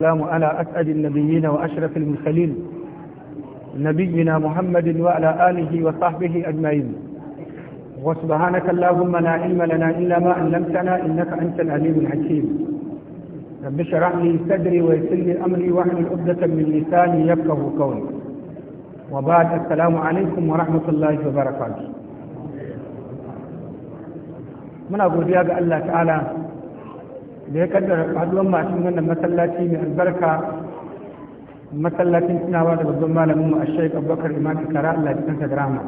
السلام على أسعد النبيين وأشرف المرسلين نبينا محمد وعلى آله وصحبه أجمعين وسبحانك اللهم لا علم لنا إلا ما علمتنا إنك أنت العليم الحكيم رب اشرح لي صدري ويسر لي أمري واحلل عقدة من لساني يفقه قولي وبعد السلام عليكم ورحمة الله وبركاته من أقول يا الله تعالى da ya kaddara haduwan masu wannan masallaci mai albarka masallacin tunawa da babban malamin mu a shaikh abubakar imam kara allah cikin sa drama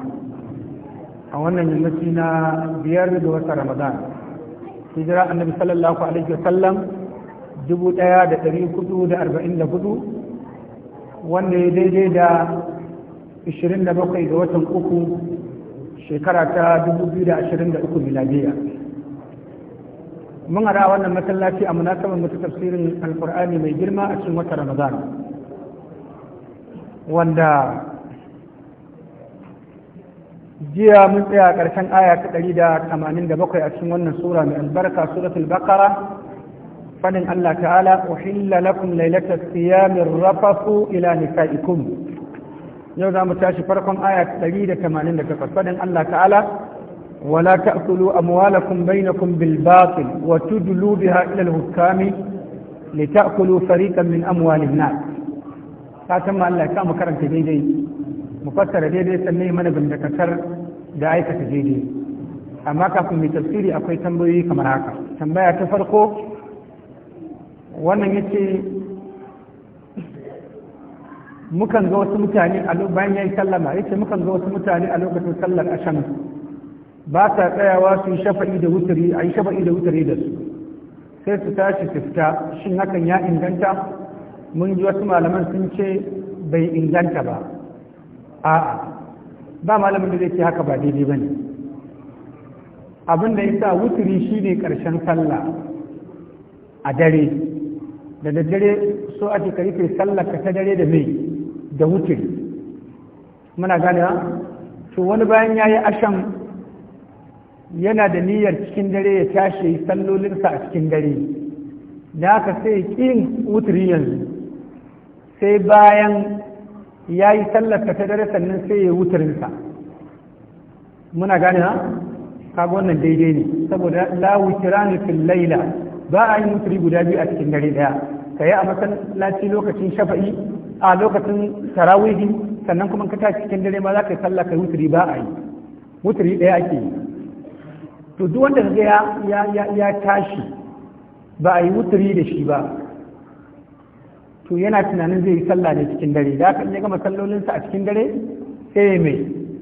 a wannan yammaci na biyar da wata ramadan hijira annabi sallallahu alaihi wa sallam dubu ɗaya da ɗari hudu da arba'in da hudu wanda ya daidai da ishirin da bakwai ga watan uku shekara ta dubu biyu da ashirin da uku miladiyya mun hada wannan masallaci a munasabar mutu tafsirin alkur'ani mai girma a cikin wata ramadan wanda jiya mun tsaya ƙarshen aya ta ɗari da tamanin da bakwai a cikin wannan sura mai albarka suratul bakara fadin Allah ta'ala uhilla lakum lailatal siyamir rafasu ila nisaikum yau za mu tashi farkon aya ta ɗari da tamanin da takwas fadin Allah ta'ala ولا تأكلوا أموالكم بينكم بالباطل وتدلوا بها إلى الحكام لتأكلوا فريقا من أموال الناس فاتم الله كام كرمت جيدي مفسر جيدي سنه من دكتر دعاية جيدي أما كافم بتفسيري أقوي تنبوي كما راكا تنبوي أتفرقو وانا يتي mukan ga wasu mutane a bayan yayin sallama yace mukan ga wasu mutane a lokacin sallar ashan ba sa tsayawa su yi shafa'i da wutari a yi shafa'i da wutari da su sai su tashi su fita shin hakan ya inganta mun ji wasu malaman sun ce bai inganta ba a'a ba malamin da zai ce haka ba daidai ba ne abin da ya sa wutari shi ne ƙarshen sallah a dare da daddare so ake karfe sallah ka ta dare da mai da wutari muna ganewa to wani bayan ya yi ashan yana da niyyar cikin dare ya tashi sallolinsa a cikin dare da haka sai ƙin wuturi yanzu sai bayan ya yi sallarsa ta dare sannan sai ya wuturinsa muna gane ha kaga wannan daidai ne saboda la wutirani fil laila ba a yi wuturi guda biyu a cikin dare daya ka yi a masallaci lokacin shafa'i a lokacin tarawihi sannan kuma ka tashi cikin dare ma za ka yi sallah ka wuturi ba a yi wuturi daya ake yi to duk wanda kaga ya ya ya tashi ba a yi wuturi da shi ba to yana tunanin zai yi sallah ne cikin dare da kan ya gama sallolinsa a cikin dare sai mai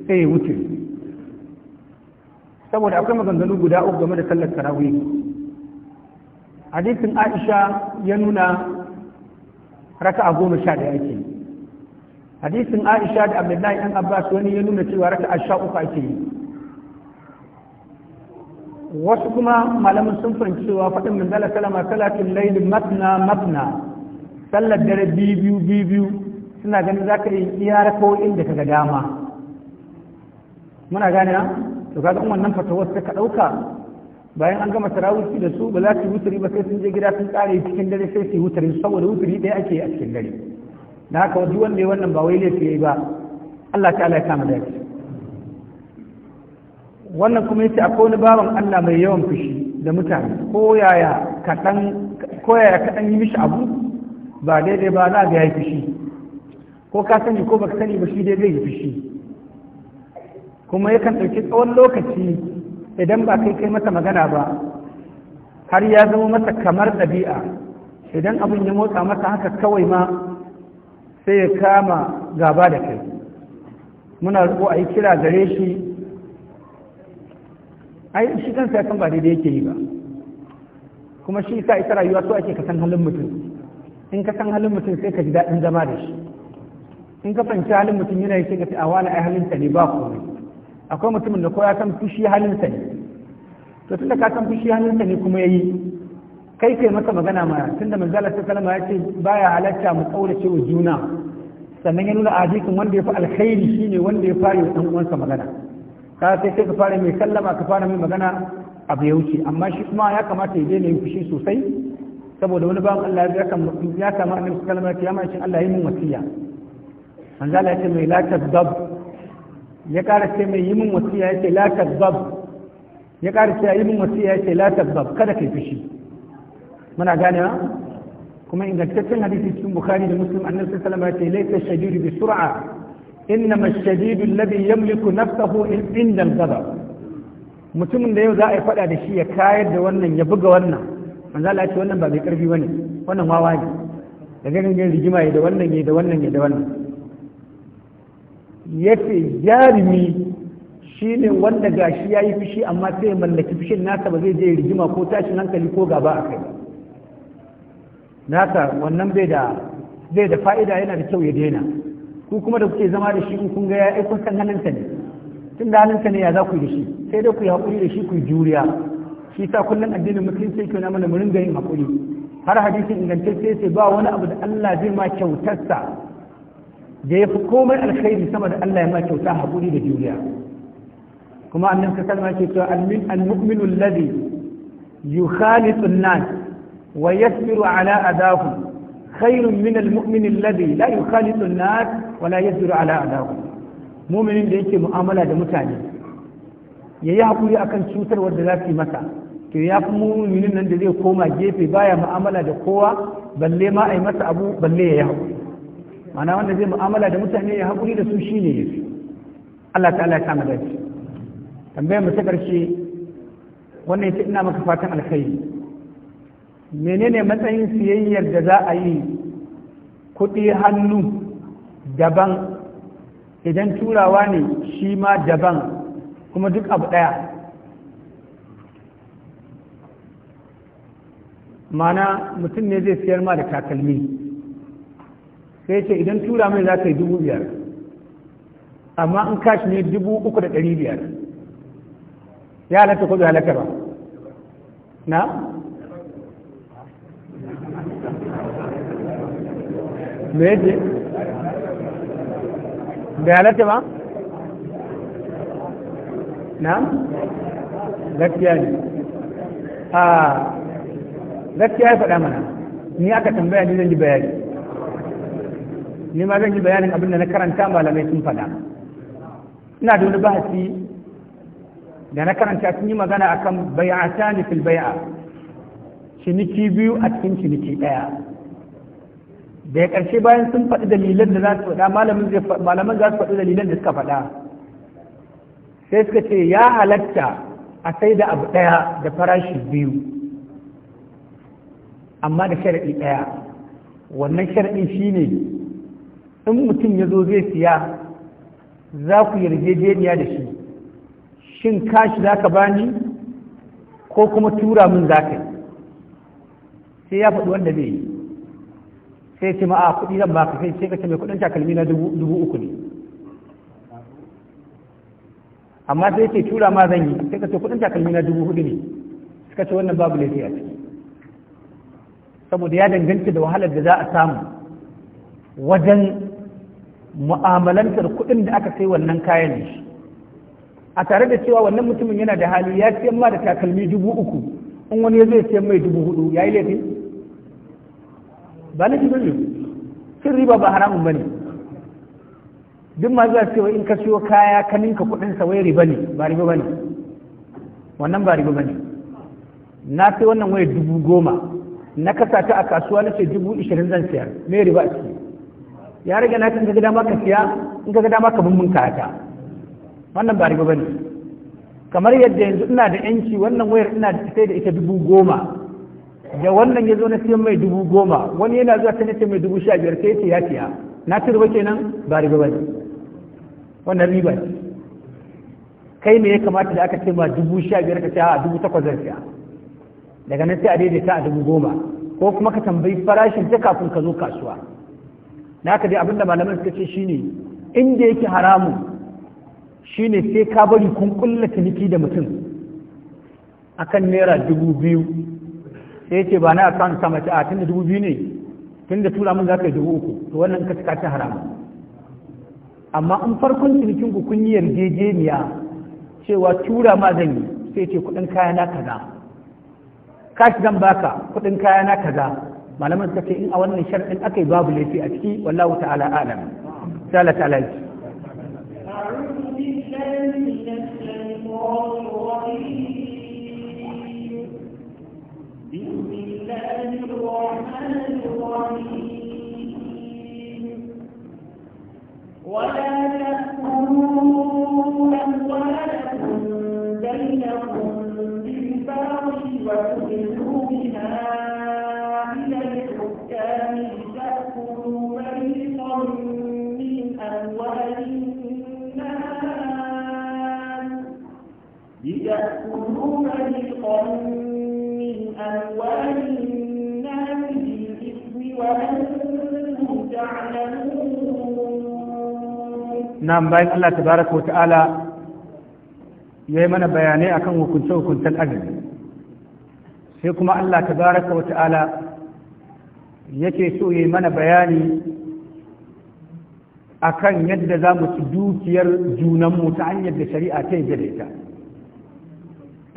sai ya wuturi saboda akwai maganganu guda uku game da sallar tarawih hadisin Aisha ya nuna raka'a goma sha da ake hadisin Aisha da Abdullahi ɗan Abbas wani ya nuna cewa raka'a sha uku ake yi wasu kuma malamin sun fahimci cewa faɗin min zala salama salatin laili matna matna sallar dare biyu biyu biyu suna ganin za ka yi iya inda da kaga dama muna gane na to kaga in wannan wasu ka ɗauka bayan an gama tarawih da su ba za su wuturi ba sai sun je gida sun tsare cikin dare sai su wuturi saboda wuturi ɗaya ake a cikin dare da haka wajen wanda wannan ba wai laifi ba Allah ta'ala ya kama da dace wannan kuma yace akwai wani bawan Allah mai yawan fushi da mutane ko yaya kaɗan ko yaya kaɗan yi mishi abu ba daidai ba za ga ya fushi ko ka sani ko baka sani ba shi dai zai yi fushi kuma yakan ɗauki tsawon lokaci idan ba kai kai masa magana ba har ya zama masa kamar ɗabi'a idan abin ya motsa masa haka kawai ma sai ya kama gaba da kai muna roƙo a yi kira gare shi ai shi kansa ya san ba daidai yake yi ba kuma shi sa ita rayuwa so ake ka san halin mutum in ka san halin mutum sai ka ji daɗin zama da shi in ka fahimci halin mutum yana yake ka ce a wani ai halinsa ne ba komai akwai mutumin da ko ya san fushi halinsa ne to tunda ka san fushi halinsa ne kuma yayi kai kai masa magana ma tunda manzala ta salama ya ce baya halatta mu kaurace wa juna sannan ya nuna adikin wanda ya fi alkhairi shine wanda ya fara yi dan uwansa magana ka sai sai ka fara mai sallama ka fara mai magana abu ya wuce amma shi kuma ya kamata ya daina yin fushi sosai saboda wani bawan Allah ya kama ya kama annabi sallallahu alaihi wasallam ya ce Allah ya yi min wasiya manzo Allah ya ce mai la dab ya kara ce mai yi min wasiya ya ce la dab ya kara ce yi min wasiya ya ce la dab kada kai fushi muna ganewa kuma ingantaccen hadisi cikin bukhari da muslim annabi sallallahu alaihi wasallam ya ce laifin shadidu bi sur'a إنما الشديد الذي يملك نفسه inda al-ghadab mutumin da yau za a yi fada da shi ya kayar da wannan ya buga wannan manzo Allah ce wannan ba mai karfi bane wannan wawa ne da ganin ganin rigima ya da wannan ya da wannan ya da wannan ce jarumi shine wanda gashi yayi fushi amma sai ya mallaki fushin nasa ba zai je rigima ko tashin hankali ko gaba a kai nasa wannan bai da bai da fa'ida yana da kyau ya daina ku kuma da kuke zama da shi in kun ga ya kun san ta ne tun da halinsa ne ya za ku yi da shi sai dai ku yi haƙuri da shi ku yi juriya shi sa kullum addinin musulunci ke na mana murin ringa yin haƙuri har hadisin ingantacce sai ba wani abu da Allah zai ma kyautarsa da ya fi komai alkhairi sama da Allah ya ma kyauta haƙuri da juriya kuma annan ka kalma ke cewa almin almu'minu alladhi yukhalitu an-nas wa yasbiru ala adahu khairun min almu'min alladhi la yukhalitu an-nas wala yadru ala adahu mu'minin da yake mu'amala da mutane yayi hakuri akan cutar wanda za su yi masa to ya fi mu'minin nan da zai koma gefe baya mu'amala da kowa balle ma ai masa abu balle ya yi hakuri ma'ana wanda zai mu'amala da mutane ya hakuri da su shine yafi Allah ta'ala ya kama da shi. tambayar mu ta karshe wannan yace ina maka fatan alkhairi menene matsayin siyayyar da za a yi kuɗi hannu daban idan turawa ne shi ma daban kuma duk abu ɗaya mana mutum ne zai siyar ma da takalmi sai ce idan tura mai za ka yi dubu biyar amma in kashi ne dubu uku da ɗari biyar ya halatta ko bai halatta ba na me yadda bai ba na gaskiya ne a gaskiya ya faɗa mana ni aka tambaya ni zan yi bayani ni ma zan yi bayanin abin da na karanta malamai sun faɗa ina da wani bahasi da na karanta sun yi magana akan bai'ata ne fil bai'a ciniki biyu a cikin ciniki ɗaya da ya ƙarshe bayan sun faɗi dalilan da za su faɗa malaman za su faɗi dalilan da suka faɗa sai suka ce ya halatta a sai da abu ɗaya da farashi biyu amma da sharaɗi ɗaya wannan sharaɗi shine in mutum ya zo zai siya za ku yarjejeniya da shi shin kashi za ka bani ko kuma tura min za ka yi sai ya faɗi wanda zai yi sai ce ma a kuɗi zan baka sai ce kace mai kuɗin takalmi na dubu uku ne amma sai ce tura ma zan yi sai kace kuɗin takalmi na dubu hudu ne suka ce wannan babu laifi a ciki saboda ya danganta da wahalar da za a samu wajen mu'amalantar kuɗin da aka sai wannan kayan ne. a tare da cewa wannan mutumin yana da hali ya siyan ma da takalmi dubu uku in wani ya zai siyan mai dubu hudu ya yi laifi. ba laifi bane cin riba ba haramun ne duk ma zuwa cewa in ka siyo kaya ka ninka kuɗin sa wai riba ne ba riba ne wannan ba riba ne na sai wannan waya dubu goma na kasa ta a kasuwa na ce dubu ishirin zan siyar me riba a ciki ya rage na kan ga dama ka siya in ga dama ka bin mun kayata wannan ba riba ne kamar yadda yanzu ina da yanci wannan wayar ina ita da ita dubu goma da wannan ya zo na siyan mai dubu goma wani yana zuwa ta nace mai dubu sha biyar sai ce ya siya na ci riba kenan ba riba ba ne wannan riba ne kai me ya kamata da aka ce ma dubu sha biyar ka siya a dubu takwas zan siya daga nan sai a daidaita a dubu goma ko kuma ka tambayi farashin ta kafin ka zo kasuwa na ka dai abinda malaman suka ce shine inda yake haramun shine sai ka bari kun kulla ciniki da mutum akan naira dubu biyu sai ce ba na kan sama a tun da dubu biyu ne tun da tura mun za ka yi dubu uku to wannan ka cika ta haramu amma in farkon cinikin ku kun yi yarjejeniya cewa tura ma zan yi sai ce kuɗin kayana kaza kashi zan baka kuɗin kaya na kaza malaman ta ce in a wannan sharɗin aka yi babu laifi a ciki wallahu ta'ala alam sai Allah ta'ala yi أعوذ بالله من الشيطان الرجيم الرحمن الرحيم ولا تأكلوا أموالكم بينكم بالباطل وتدلوا بها إلى الحكام لتأكلوا فريقا من أموال الناس لتأكلوا فريقا من أموال nan bayan Allah Ta baraka wata ta'ala ya yi mana bayanai akan hukunce-hukuncen azumi sai kuma Allah Ta baraka tabaraka ta'ala yake so ya yi mana bayani akan yadda za mu ci dukiyar junanmu ta hanyar da shari'a ta yi ita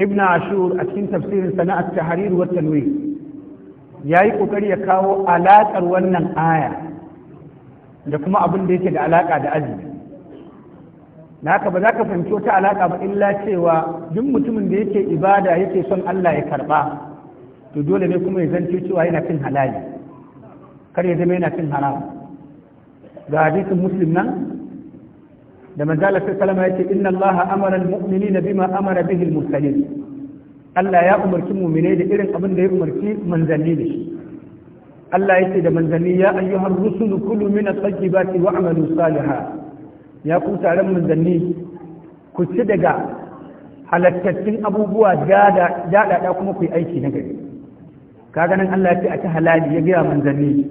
ibn ashur a cikin tafsirin sana'ar ta Hariruwar tanwir ya yi kokari ya kawo alaƙar wannan aya da kuma abin da yake da alaƙa da azumi da haka ba za ka fahimci wata alaƙa ba illa cewa duk mutumin da yake ibada yake son Allah ya karɓa to dole ne kuma ya zanto cewa yana cin halali kar ya zama yana cin haram ga hadisin muslim nan da manzala sai salama yace inna Allah amara al-mu'minina bima amara bihi al-mursalin Allah ya umarci mu'minai da irin abin da ya umarci manzanni da shi Allah yace da manzanni ya ayyuhar rusulu kulu min at-tayyibati wa'malu salihan ya ku taron manzanni ku ci daga halattattun abubuwa daɗaɗa kuma ku yi aiki na gari Ka ganin Allah ya ce a ta halali ya gaya manzanni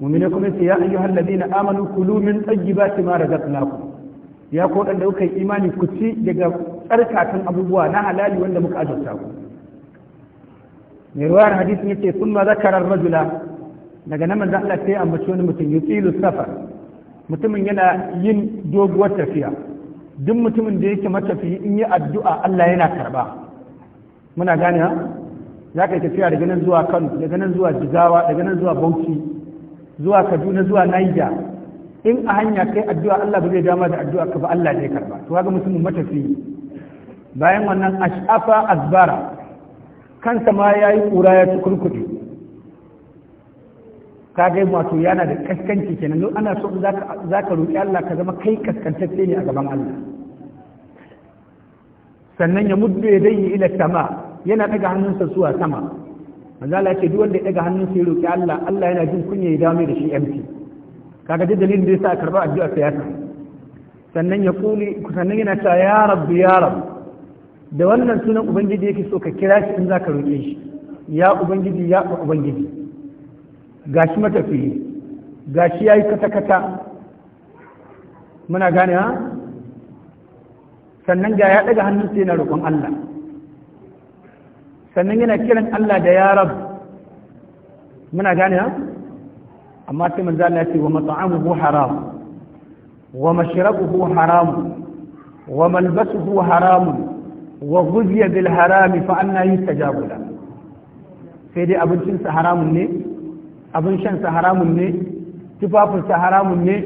mumine kuma sai ya ayyuhal ladina amanu kulu min mara zafi razaqnakum ya ko da kuka yi imani ku ci daga tsarkakan abubuwa na halali wanda muka azurta ku mai ruwayar hadisi sun ma zakarar rajula daga nan manzan Allah sai ambaci wani mutum yusilu safar mutumin yana yin doguwar tafiya duk mutumin da yake matafi in yi addu'a Allah yana karba muna gane za ka yi tafiya daga nan zuwa Kano daga nan zuwa Jigawa daga nan zuwa Bauchi zuwa Kaduna zuwa Niger in a hanya kai addu'a Allah ba zai dama da addu'a ka ba Allah ne karba to kaga mutumin matafi bayan wannan ash'afa azbara kansa ma yi kura ya ci tukurkuɗe ka ga wato yana da kaskanci kenan don ana so za ka roƙi Allah ka zama kai kaskantacce ne a gaban Allah sannan ya muddu ya dai ila sama yana daga hannunsa zuwa sama manzo Allah ce duk wanda ya daga hannunsa ya roƙi Allah Allah yana jin kunya ya dawo da shi empty kaga da dalilin da yasa karba addu'a sai ya sannan ya kuli sannan yana cewa ya rabbi ya rabbi da wannan sunan ubangiji yake so ka kira shi in zaka roƙe shi ya ubangiji ya ubangiji gashi matafiyi gashi ya yi kata-kata muna gane ha sannan ga ya daga hannun sai na roƙon Allah sannan yana kiran Allah da ya rab muna gane ha amma sai manzo Allah ya ce wa mat'amuhu haram wa mashrabuhu haram wa malbasuhu haram wa ghuziya bil harami fa anna yustajabu la sai dai abincinsa haramun ne abin shan sa haramun ne tufafin sa haramun ne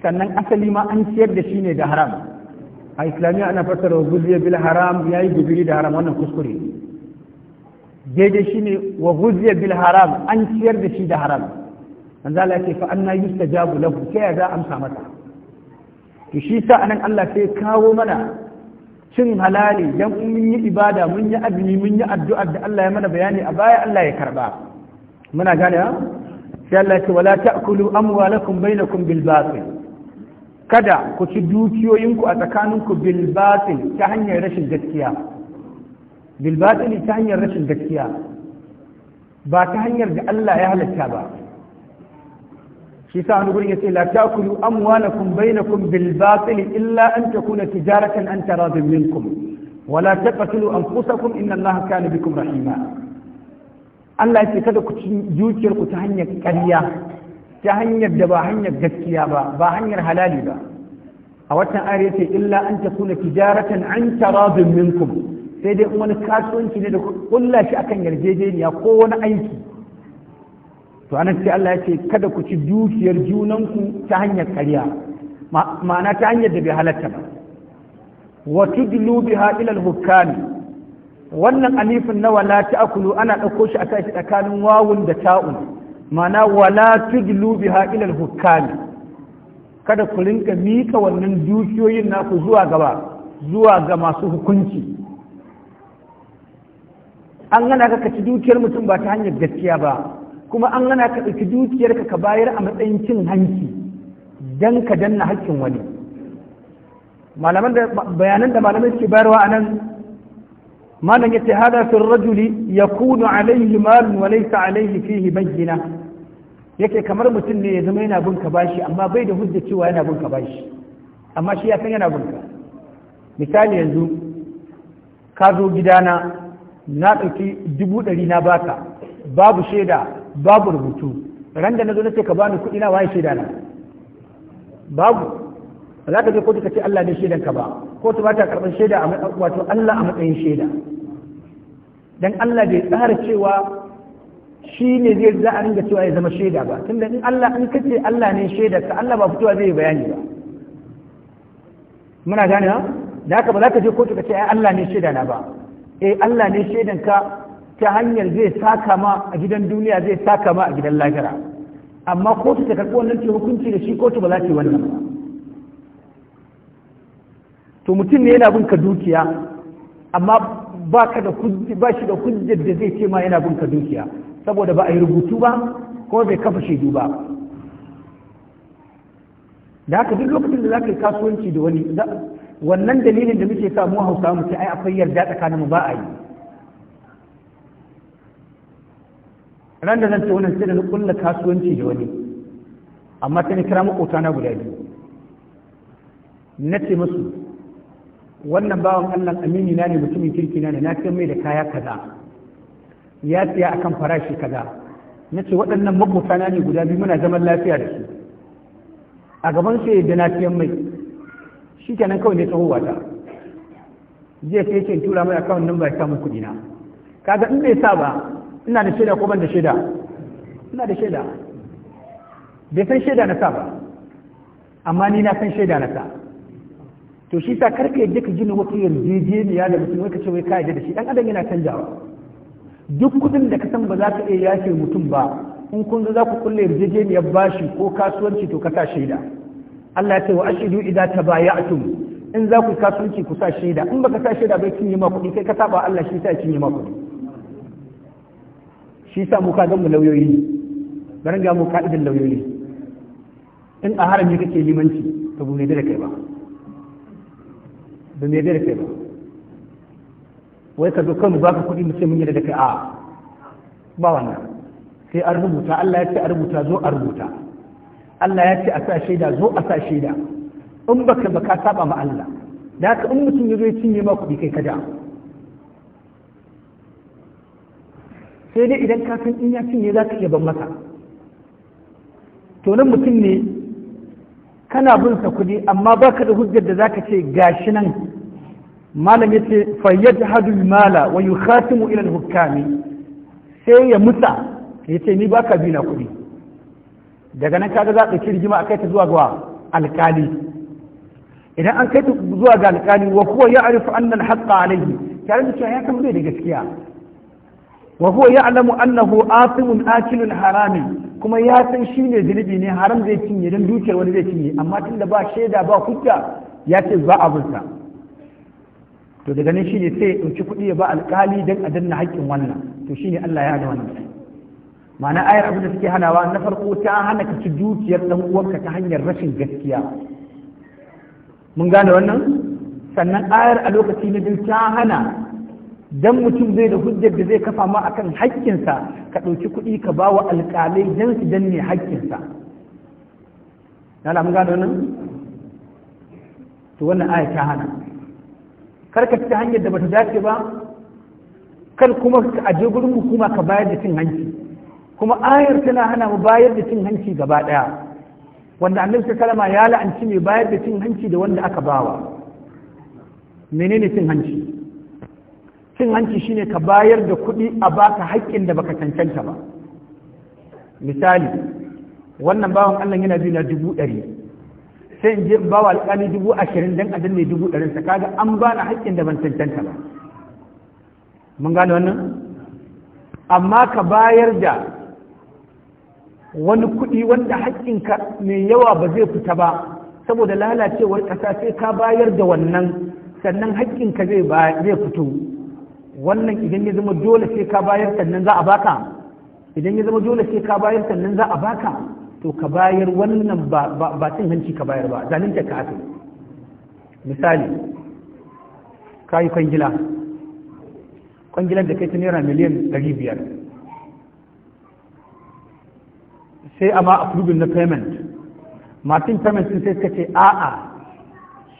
sannan asali ma an ciyar da shi ne da haram a islamiyya ana fassara wa guziya bil haram yi guduri da haram wannan kuskure daidai shi ne wa guziya bil haram an ciyar da shi da haram manzo Allah ya ce fa anna yustajabu lahu sai ya amsa masa to shi sa anan Allah sai kawo mana cin halali dan mun yi ibada mun yi azumi mun yi addu'a da Allah ya mana bayani a baya Allah ya karba muna gane ha sai Allah ya ce wala ta'kulu amwalakum bainakum bil batil kada ku ci dukiyoyinku a tsakaninku bil batil ta hanyar rashin gaskiya bil batil ta hanyar rashin gaskiya ba ta hanyar da Allah ya halatta ba shi sa wani gurin yace la ta'kulu amwalakum bainakum bil batil illa an takuna tijaratan an taradin minkum wala taqtulu anfusakum inna Allaha kana bikum rahima Allah ce kada ku ci ku ta hanyar ƙarya ta hanyar da ba hanyar gaskiya ba ba hanyar halali ba a watan ayar yace illa an takuna tijaratan an taradin minkum sai dai wani kasuwanci ne da kulla shi akan yarjejeniya ko wani aiki to anan sai Allah ce kada ku ci dukiyar junanku ta hanyar ƙarya ma'ana ta hanyar da bai halatta ba wa tudlu biha ila al wannan alifin na wala akulu ana ɗauko shi a kai tsakanin wawun da ta'un ma'ana wala tujlu biha ila al kada ku rinka mika wannan dukiyoyin naku zuwa gaba zuwa ga masu hukunci an gana ka kaci dukiyar mutum ba ta hanyar gaskiya ba kuma an gana ka ɗauki dukiyar ka bayar a matsayin cin hanci don ka danna haƙƙin wani bayanan da malamai suke bayarwa a nan malam yace hada fil rajuli yakunu alayhi mal wa laysa alayhi fihi bayyina yake kamar mutum ne ya zama yana bin ka bashi amma bai da hujja cewa yana bin ka bashi amma shi ya san yana bin misali yanzu ka zo gidana na ɗauki dubu ɗari na baka babu shaida babu rubutu ran da na zo na ce ka bani kuɗi na waye shaida na babu ba za ka je kotu ka ce Allah ne shaidanka ka ba kotu ba ta karɓar shaida a matsayin wato Allah a matsayin shaida dan Allah bai tsara cewa shi ne zai za a ringa cewa ya zama shaida ba tunda in Allah in kace Allah ne shaida ka Allah ba fitowa zai yi bayani ba muna gane ha da haka ba za ka je kotu ka ce ai Allah ne shaida na ba eh Allah ne shaidanka ta hanyar zai saka ma a gidan duniya zai saka ma a gidan lahira amma kotu ta karɓi wannan ce hukunci da shi kotu ba za ta yi wannan ba to mutum ne yana bin ka dukiya amma ba ka da ba shi da hujjar da zai ce ma yana bin ka dukiya saboda ba a yi rubutu ba kuma bai kafa shaidu ba da haka duk lokacin da za ka yi kasuwanci da wani wannan dalilin da muke samu hausa mu ce ai akwai yarda tsakanin mu ba a yi ran da zan ce wannan sai da na kulla kasuwanci da wani amma sai ni kira makota na guda biyu na ce masu. wannan bawan Allah amini na ne mutumin kirki na ne na ce mai da kaya kaza ya tsaya akan farashi kaza na ce waɗannan makwabta na ne guda biyu muna zaman lafiya da su a gaban su da na ce mai shi kenan kawai ne tsohuwa ta zai sai ce tura mai akawun nan ba ya samun kuɗi na kaga in bai sa ba ina da shaida ko ban da shaida ina da shaida bai san shaida na sa ba amma ni na san shaida na sa to shi sa karfe yadda ka gina wata yarjejeniya da mutum wai ka ce wai ka da shi dan adam yana canjawa duk kudin da ka san ba za ka iya yafe mutum ba in kun ga za ku kulle yarjejeniyar bashi ko kasuwanci to ka sa shaida Allah ya ce wa ashidu idza tabaya'tum in za ku kasuwanci ku sa shaida in baka sa shaida bai cinye ma kudi kai ka saba Allah shi sa cinye ma kudi shi sa mu ka mu lauyoyi bari ga mu ka'idan lauyoyi in a harami kake limanci to bu ne da kai ba ba me da kai ba wai ka zo kanmu baka kuɗi mu sai mun yi da kai a ba wannan sai an rubuta Allah ya ce a rubuta zo a rubuta Allah ya ce a sa shaida zo a sa shaida in baka baka saba ma Allah da haka in mutum ya zo ya cinye ma kuɗi kai ka da sai dai idan ka san in ya cinye za ka iya ban masa to nan mutum ne kana bin sa kuɗi amma baka da hujjar da zaka ce gashi nan malam yace fayyajhadu mala wa yukhatimu ila al-hukami sai ya musa ce ni ba ka bi na kuɗi daga nan kaga za ka ci rigima kai ta zuwa ga alkali idan an kai ta zuwa ga alkali wa huwa ya anna al-haqqa alayhi tare da cewa ya kama bai da gaskiya wa huwa ya'lamu annahu asimun akilun harami kuma ya san ne zunubi ne haram zai cinye don dukiyar wani zai cinye amma tunda ba shaida ba hujja ya ce za a bulta to daga nan shine sai ɗauki kuɗi ya ba alƙali don a danna haƙƙin wannan to shine Allah ya ga wannan ma'ana ayar abin da suke hanawa na farko ta hana ka ci dukiyar ɗan uwanka ta hanyar rashin gaskiya mun gane wannan sannan ayar a lokaci na biyu ta hana dan mutum zai da hujjar da zai kafa ma akan haƙƙinsa ka ɗauki kuɗi ka ba wa alƙalai don su danne haƙƙinsa na mun gano nan to wannan aya ta hana kar ka ci hanyar da bata dace ba kar kuma ka aje gurin hukuma ka bayar da cin hanci kuma ayar tana hana mu bayar da cin hanci gaba daya wanda annabi sai kalama ya la'anci mai bayar da cin hanci da wanda aka bawa menene cin hanci cin hanci shine ka bayar da kuɗi a baka haƙƙin da baka cancanta ba misali wannan bawan Allah yana bi na dubu ɗari sai in je ba bawa alƙali dubu ashirin dan adan mai dubu ɗarin kaga an ba na haƙƙin da ban cancanta ba mun gane wannan amma ka bayar da wani kuɗi wanda haƙƙinka mai yawa ba zai fita ba saboda lalacewar ƙasa sai ka bayar da wannan sannan haƙƙinka zai fito wannan idan ya zama dole sai ka bayar sannan za a baka idan ya zama dole sai ka bayar sannan za a baka to ka bayar wannan ba cin hanci ka bayar ba zalunta ka ake misali ka yi kwangila kwangilar da kai ta naira miliyan 500 sai a ma approving na payment martin payment sun sai suka ce a'a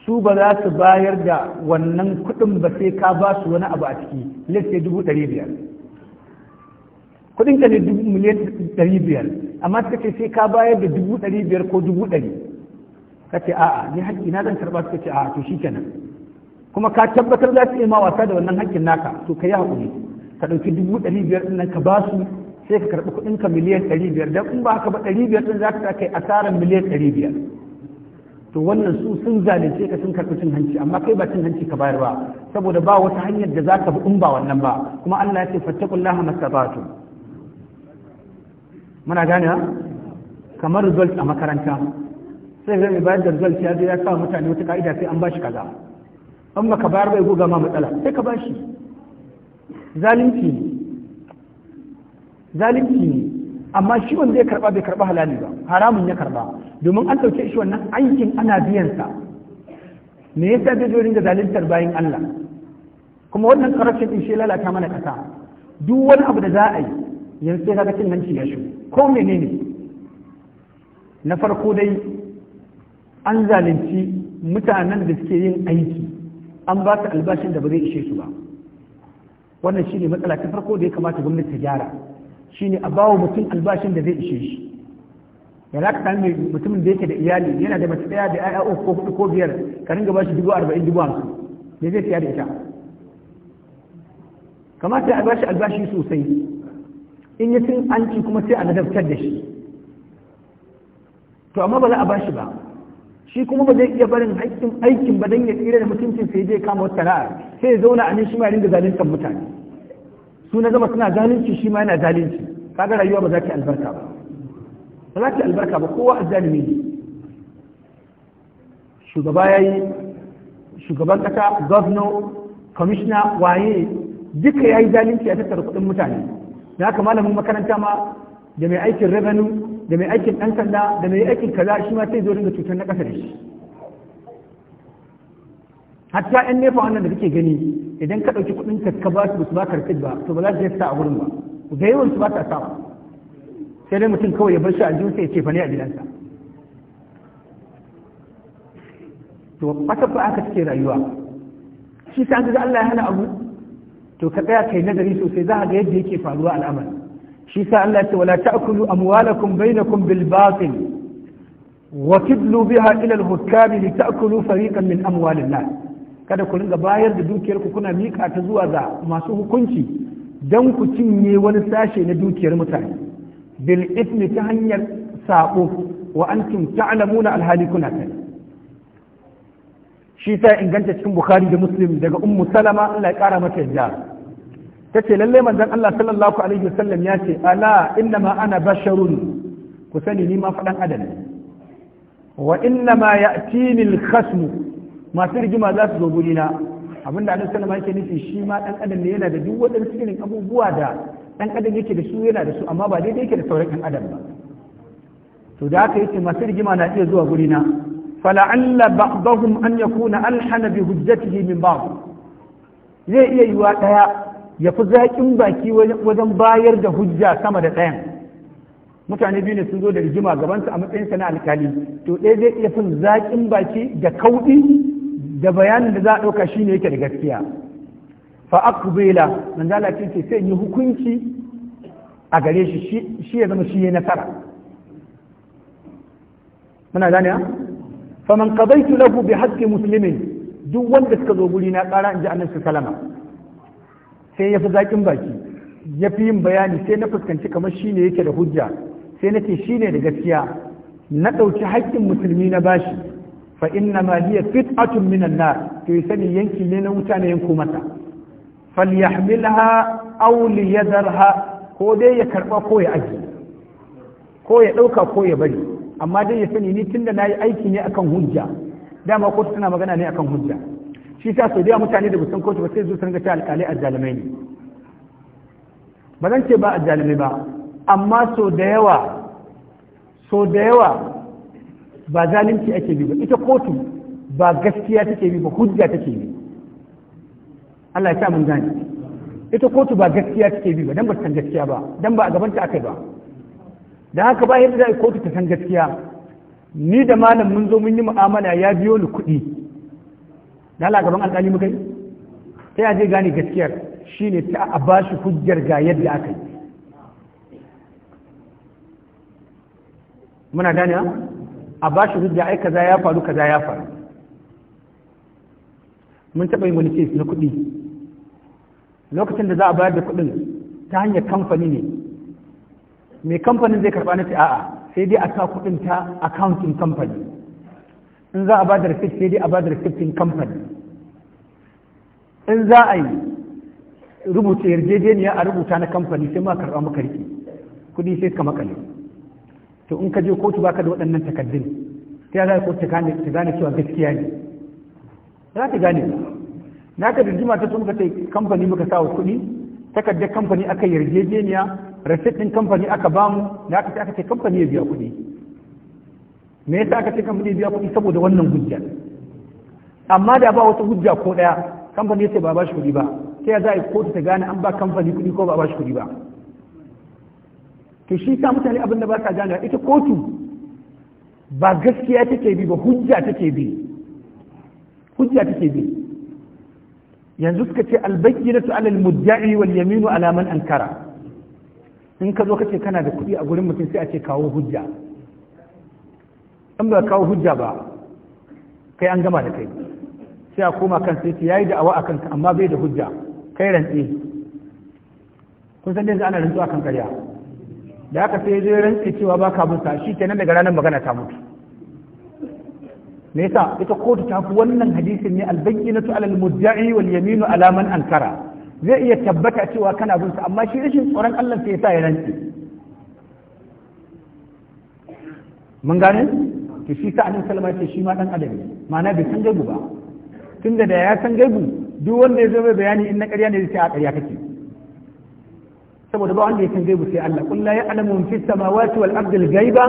su ba za su bayar da wannan kudin ba sai ka ba su wani abu a ciki lissai 500 kudin ka ne dubu miliyan ɗari biyar amma suka ce sai ka bayar da dubu ɗari biyar ko dubu ɗari ka ce a'a ni haƙƙi na zan karɓa suka ce a'a to shi kenan kuma ka tabbatar za su iya ma wasa da wannan haƙƙin naka to ka yi haƙuri ka ɗauki dubu ɗari biyar ɗin nan ka ba su sai ka karɓi kuɗin ka miliyan ɗari biyar dan in ba haka ba ɗari biyar ɗin za ka kai asarar miliyan ɗari biyar to wannan su sun zalunce ka sun karɓi cin hanci amma kai ba cin hanci ka bayar ba saboda ba wata hanyar da za ka bi in ba wannan ba kuma Allah ya ce fattakullaha mastata'tum muna gane kamar result a makaranta sai zai bayar da result ya zo ya sa mutane wata ka'ida sai an bashi kaza an baka bayar bai goga ma matsala sai ka bashi zalunci ne zalunci ne amma shi wanda ya karba bai karba halali ba haramun ya karba domin an dauke shi wannan aikin ana biyan sa me yasa zai zo ringa zaluntar bayan Allah kuma wannan corruption din shi lalata mana kasa duk wani abu da za a yi yanzu sai kaka cin shi ya shigo ko menene na farko dai an zalunci mutanen da suke yin aiki an ba su albashin da ba zai ishe su ba wannan shine matsala ta farko da ya kamata gwamnati ta gyara shine a bawa mutum albashin da zai ishe shi ya za ka sami mutumin da yake da iyali yana da mace daya da ya'ya uku ko hudu ko biyar ka ringa shi dubu arba'in dubu hamsin me zai siya da ita kamata ya bashi albashi sosai in ya cin anci kuma sai a ladabtar da shi to amma ba za a bashi ba shi kuma ba zai iya barin haƙƙin aikin ba don ya tsira da mutuncin sai zai kama wata ra'a sai ya zauna a nan shi ma da zaluntar mutane su na zama suna zalunci shi ma yana zalunci kaga rayuwa ba za ta albarka ba ba za ta albarka ba kowa azzalimi ne shugaba yayi shugaban kasa governor commissioner waye duka ya yi zalunci a tattara kuɗin mutane da haka malamin makaranta ma da mai aikin revenue da mai aikin ɗan sanda da mai aikin kaza shi ma sai zo da cutar na ƙasa da shi hatta yan nefa wannan da kake gani idan ka ɗauki kuɗin ka ka ba su ba su ba to ba za su sa a gurin ba da yawan su ba ta sa sai dai mutum kawai ya bar shi a sai ya ce fa ne a gidansa to wata fa aka cike rayuwa shi sa ga Allah ya hana abu to ka tsaya kai nazari sosai za ga yadda yake faruwa al'amari shi sa Allah ce wala ta'kulu amwalakum bainakum bil batil wa tudlu biha ila al hukami li ta'kulu fariqan min amwalin nas kada ku ringa bayar da dukiyar ku kuna mika ta zuwa ga masu hukunci dan ku cinye wani sashe na dukiyar mutane bil ithmi ta hanyar sabo wa antum ta'lamuna al halikuna shi sa inganta cikin bukhari da muslim daga ummu salama Allah ya kara mata yadda tace lalle manzon Allah sallallahu alaihi wasallam ya ce ala ma ana basharun ku sani ni ma fadan adam wa ma ya'tini al-khasm masu rigima za su zo gurina abinda annabi sallallahu alaihi wasallam yake nufi shi ma dan adam ne yana da duk waɗansu irin abubuwa da dan adam yake da su yana da su amma ba daidai yake da sauran dan adam ba to da haka yace masu rigima na iya zuwa gurina fala'alla ba'dahum an yakuna alhana bi hujjatihi min ba'd zai iya yiwa daya ya fi zaƙin baki wajen bayar da hujja sama da ɗayan mutane biyu ne sun zo da rigima gabansa a matsayinsa na alkali to ɗaya zai iya fin zaƙin baki da kauɗi da bayanin da za a ɗauka shi ne yake da gaskiya fa akubela manzo zala ce ce sai yi hukunci a gare shi shi ya zama shi ya nasara muna gane ha man qadaitu lahu bi haqqi muslimin duk wanda suka zo guri na ƙara in ji annabi wasallam sai ya fi zaƙin baki ya fi yin bayani sai na fuskanci kamar shi ne yake da hujja sai na ce shi ne da gaskiya na ɗauki haƙƙin musulmi na bashi fa inna ma hiya fit'atun minan nar to sani yanki ne na wuta ne yanko mata falyahmilha aw liyadharha ko dai ya karba ko ya aji ko ya ɗauka ko ya bari amma dai ya sani ni tunda na yi aiki ne akan hujja dama ko tana magana ne akan hujja shi ta so da mutane da busan kotu ba sai zuwa sanga ta alƙalai a jalamai ne ba zan ce ba a jalamai ba amma so da yawa so da yawa ba zalunci ake bi ba ita kotu ba gaskiya take bi ba hujja take bi Allah ya sa mun gani ita kotu ba gaskiya take bi ba dan ba san gaskiya ba dan ba a gaban ta akai ba dan haka ba yadda za kotu ta san gaskiya ni da malam mun zo mun yi mu'amala ya biyo ni kuɗi dala gaban alƙali muka yi ta yaje gane gaskiyar shine ta a ba shi hujjar ga yadda aka yi muna gane a ba shi hujja ai kaza ya faru kaza ya faru mun taɓa yi wani case na kuɗi lokacin da za a bayar da kuɗin ta hanyar kamfani ne mai kamfanin zai karɓa na a'a sai dai a sa kuɗin ta accounting company in za a ba da receipt sai dai a ba da receipt kamfani in za a yi rubuta yarjejeniya a rubuta na kamfani sai ma karɓa maka riƙe kuɗi sai ka makale to in ka je kotu baka da waɗannan takardun sai ya za kotu ta gane cewa gaskiya ne za ta gane na ka rigima ta sun ka ta kamfani muka sa wa kuɗi takardar kamfani aka yarjejeniya rasit ɗin kamfani aka bamu na ka aka ce kamfani ya biya kuɗi me yasa aka ce kamfani biya kuɗi saboda wannan hujja amma da ba wata hujja ko ɗaya kamfani sai ba ba shi kuɗi ba sai za a yi kotu ta gane an ba kamfani kuɗi ko ba ba shi kuɗi ba to shi sa mutane abin da ba sa gane ita kotu ba gaskiya take bi ba hujja take bi hujja take bi yanzu suka ce albayyinatu alal mudda'i wal yaminu ala man ankara in ka zo kace kana da kuɗi a gurin mutum sai a ce kawo hujja in ba kawo hujja ba kai an gama da kai sai a koma kan sai yayi da da'awa a ka amma bai da hujja kai rantsi kun san yanzu ana rantsuwa kan karya da haka sai zai rantsi cewa ba ka musa shi kenan daga ranar magana ta mutu me yasa ita kotu ta fi wannan hadisin ne albayyinatu alal mudda'i wal yaminu ala man ankara zai iya tabbata cewa kana bin amma shi rashin tsoron Allah sai sa ya rantsi mun gane to shi sa annabi sallallahu alaihi shi ma dan adam ma'ana bai san gaibu ba tunda da ya san gaibu duk wanda ya zo mai bayani in na ƙarya ne zai ce a ƙarya kake saboda ba wanda ya san gaibu sai Allah qul la ya'lamu fi samawati wal ardi al ghaiba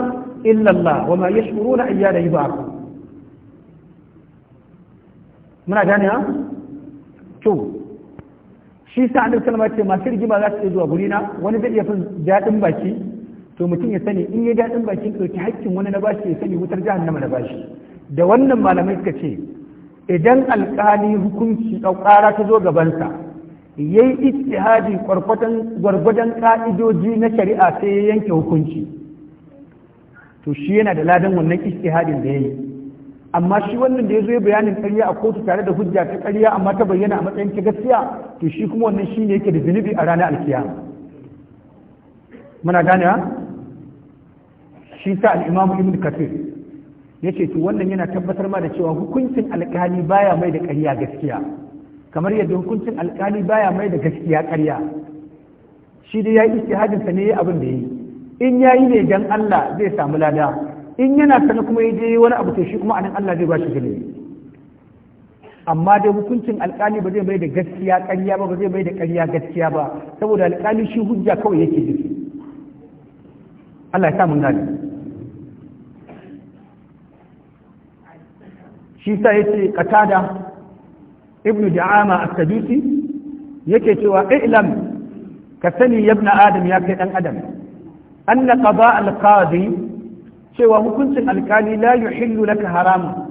illa Allah wa ma yash'uruna ayyana yub'ath muna gane ha to shi sa annabi salama ce ma ce ma za su iya zuwa gurina wani zai iya fin daɗin baki to mutum ya sani in ya daɗin bakin ɗauki haƙƙin wani na bashi ya sani wutar jahannama na bashi da wannan malamai suka ce idan alƙali hukunci ƙara ta zo gabansa ya yi istihadi gwargwadon ƙa'idoji na shari'a sai ya yanke hukunci to shi yana da ladan wannan istihadin da ya yi amma shi wannan da ya zo ya bayanin ƙarya a kotu tare da hujja ta ƙarya amma ta bayyana a matsayin ta gaskiya to shi kuma wannan shi ne yake da zunubi a ranar alkiyama muna gane shi sa al'imam ibn kafir Ya ce to wannan yana tabbatar ma da cewa hukuncin alkali baya mai da ƙarya gaskiya kamar yadda hukuncin alkali baya mai da gaskiya ƙarya shi dai yayi istihadin sa ne abin da yayi in yayi ne dan Allah zai samu lada in yana sana kuma je wani abu to shi kuma anan Allah zai ba shi gani amma dai hukuncin alkali ba zai mai da gaskiya ƙarya ba ba zai mai da ƙarya gaskiya ba saboda alkali shi hujja kawai yake jiki Allah ya sa mun gane shi sa ce qatada ibnu da'ama as-sadusi yake cewa i'lam ka sani yabna adam ya kai ɗan adam anna qada al-qadi cewa hukuncin alkali la yuhillu laka harama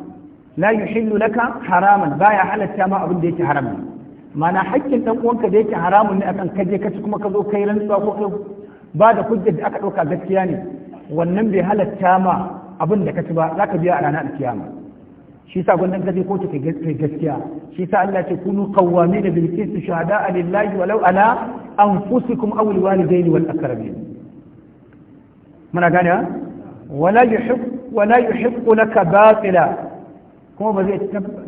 la yuhillu laka haraman baya halatta ma abin da yake haram mana haƙƙin ɗan uwanka da yake haramun ne akan kaje kaci kuma ka zo kai rantsuwa ko kai ba da hujjar da aka ɗauka gaskiya ne wannan bai halatta ma abin da kaci ba za ka biya a ranar kiyama shi sa gwandan gaje ko ta kai gaskiya shi sa Allah ce kunu qawwami da su shahada a lillahi walau ala anfusikum aw al walidaini wal aqrabin muna gane wala yuhib wala wa? laka batila kuma ba zai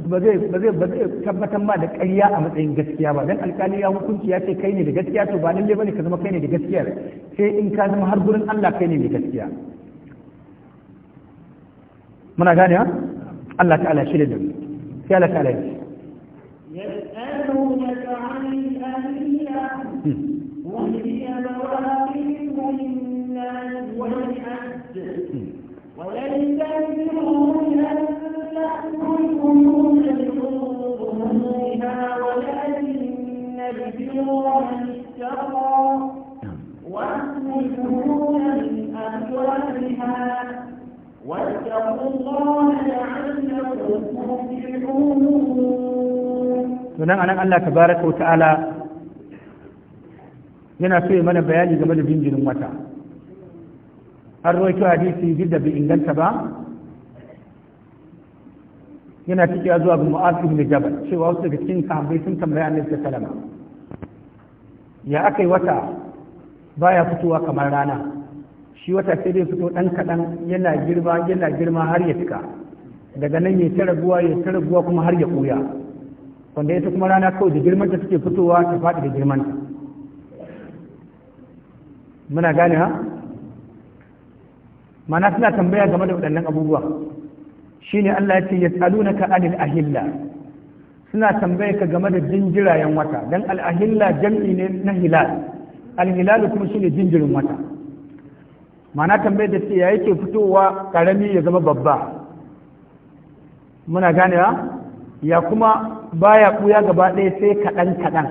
ba zai kuma ba zai tabbatar ma da ƙarya a matsayin gaskiya ba don alƙali ya hukunci ya ce kai ne da gaskiya to ba lalle bane ka zama kai ne da gaskiya sai in ka zama har gurin Allah kai ne da gaskiya muna gane ha قال لك على da dami sai على ايش؟ yi يسألونك عن الأهلية وهي مواقف وليس أن ولكن نعم. من اشترى وأهل من sunan anan Allah ta baraka ta'ala yana so mana bayani game da bindirin wata. Har roƙi hadisi duk da bai inganta ba, yana cikiya zuwa ga mu'afi ibn jabal cewa wasu daga cikin sahabbai sun tambaya annabi nan salama ya aka yi wata baya fitowa kamar rana shi wata sai dai fito ɗan kaɗan yana girma yana girma har ya cika daga nan ya tara guwa ya tara guwa kuma har ya ɓuya wanda ita kuma rana kawai da girman ta suke fitowa ta faɗi da girman ta muna gane ha mana suna tambaya game da waɗannan abubuwa shine Allah ya ce ka anil ahilla suna tambaya ka game da jinjirayen wata dan al ahilla jam'i ne na hilal al hilal kuma shine jinjirin wata mana tambayar da ce ya yake fitowa karami ya zama babba muna ganewa ya kuma baya kuya gaba ɗaya sai kaɗan kaɗan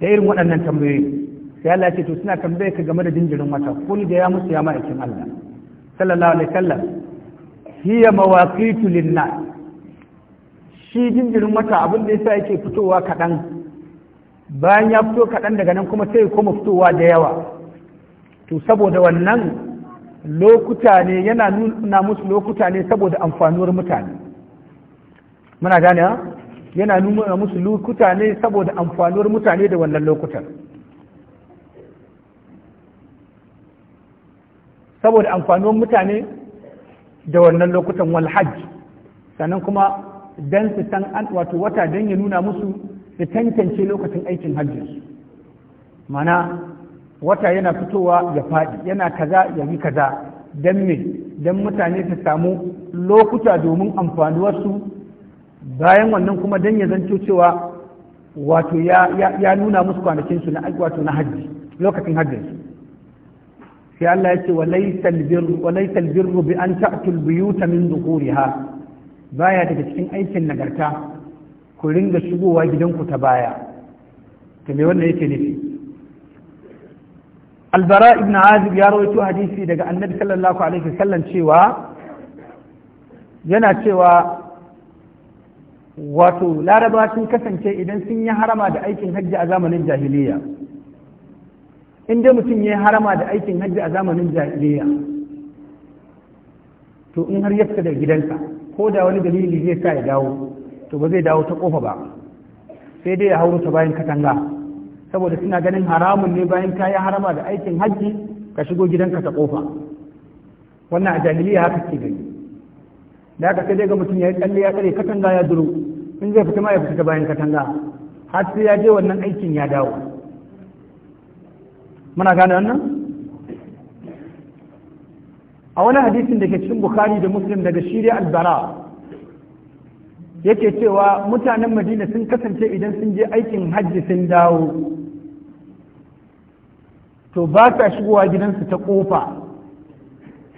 da irin waɗannan tambayoyi sai Allah ce to suna tambaye ka game da jinjirin mata kun da ya musu ya ma'aikin Allah sallallahu alaihi wasallam hiya mawaqitu linna shi jinjirin mata abin da yasa yake fitowa kaɗan bayan ya fito kaɗan daga nan kuma sai koma fitowa da yawa to saboda wannan lokuta ne yana nuna musu lokuta ne saboda amfanuwar mutane muna gane yana nuna musu lokuta ne saboda amfanuwar mutane da wannan lokutan saboda amfanuwar mutane da wannan lokutan wal sannan kuma dan su san an wato wata dan ya nuna musu da tantance lokacin aikin hajji mana wata yana fitowa ya faɗi yana kaza ya yi kaza don me don mutane su samu lokuta domin amfanuwarsu bayan wannan kuma don ya zanto cewa wato ya nuna musu su na wato na hajji lokacin hajji sai Allah ya ce walaita albirru bi an ta'tul buyuta min zuhuriha baya daga cikin aikin nagarta ku ringa shigowa gidanku ta baya ta me wannan yake nufi albara ibn azib ya rawaito hadisi daga annabi sallallahu alaihi wasallam cewa yana cewa wato laraba sun kasance idan sun yi harama da aikin hajji a zamanin jahiliya in dai mutum ya yi harama da aikin hajji a zamanin jahiliya to in har yadda da gidansa ko da wani dalili zai sa ya dawo to ba zai dawo ta kofa ba sai dai ya hauro ta bayan katanga saboda suna ganin haramun ne bayan ka yi harama da aikin hajji ka shigo gidanka ta kofa wannan a jahiliya haka ke gani da haka sai dai ga mutum ya yi tsalle ya kare katanga ya duru in zai fita ma ya fita bayan katanga har sai ya je wannan aikin ya dawo muna gane wannan a wani hadisin da ke cikin bukari da muslim daga shirya albara yake cewa mutanen madina sun kasance idan sun je aikin hajji sun dawo to ba sa shigowa gidansu ta ƙofa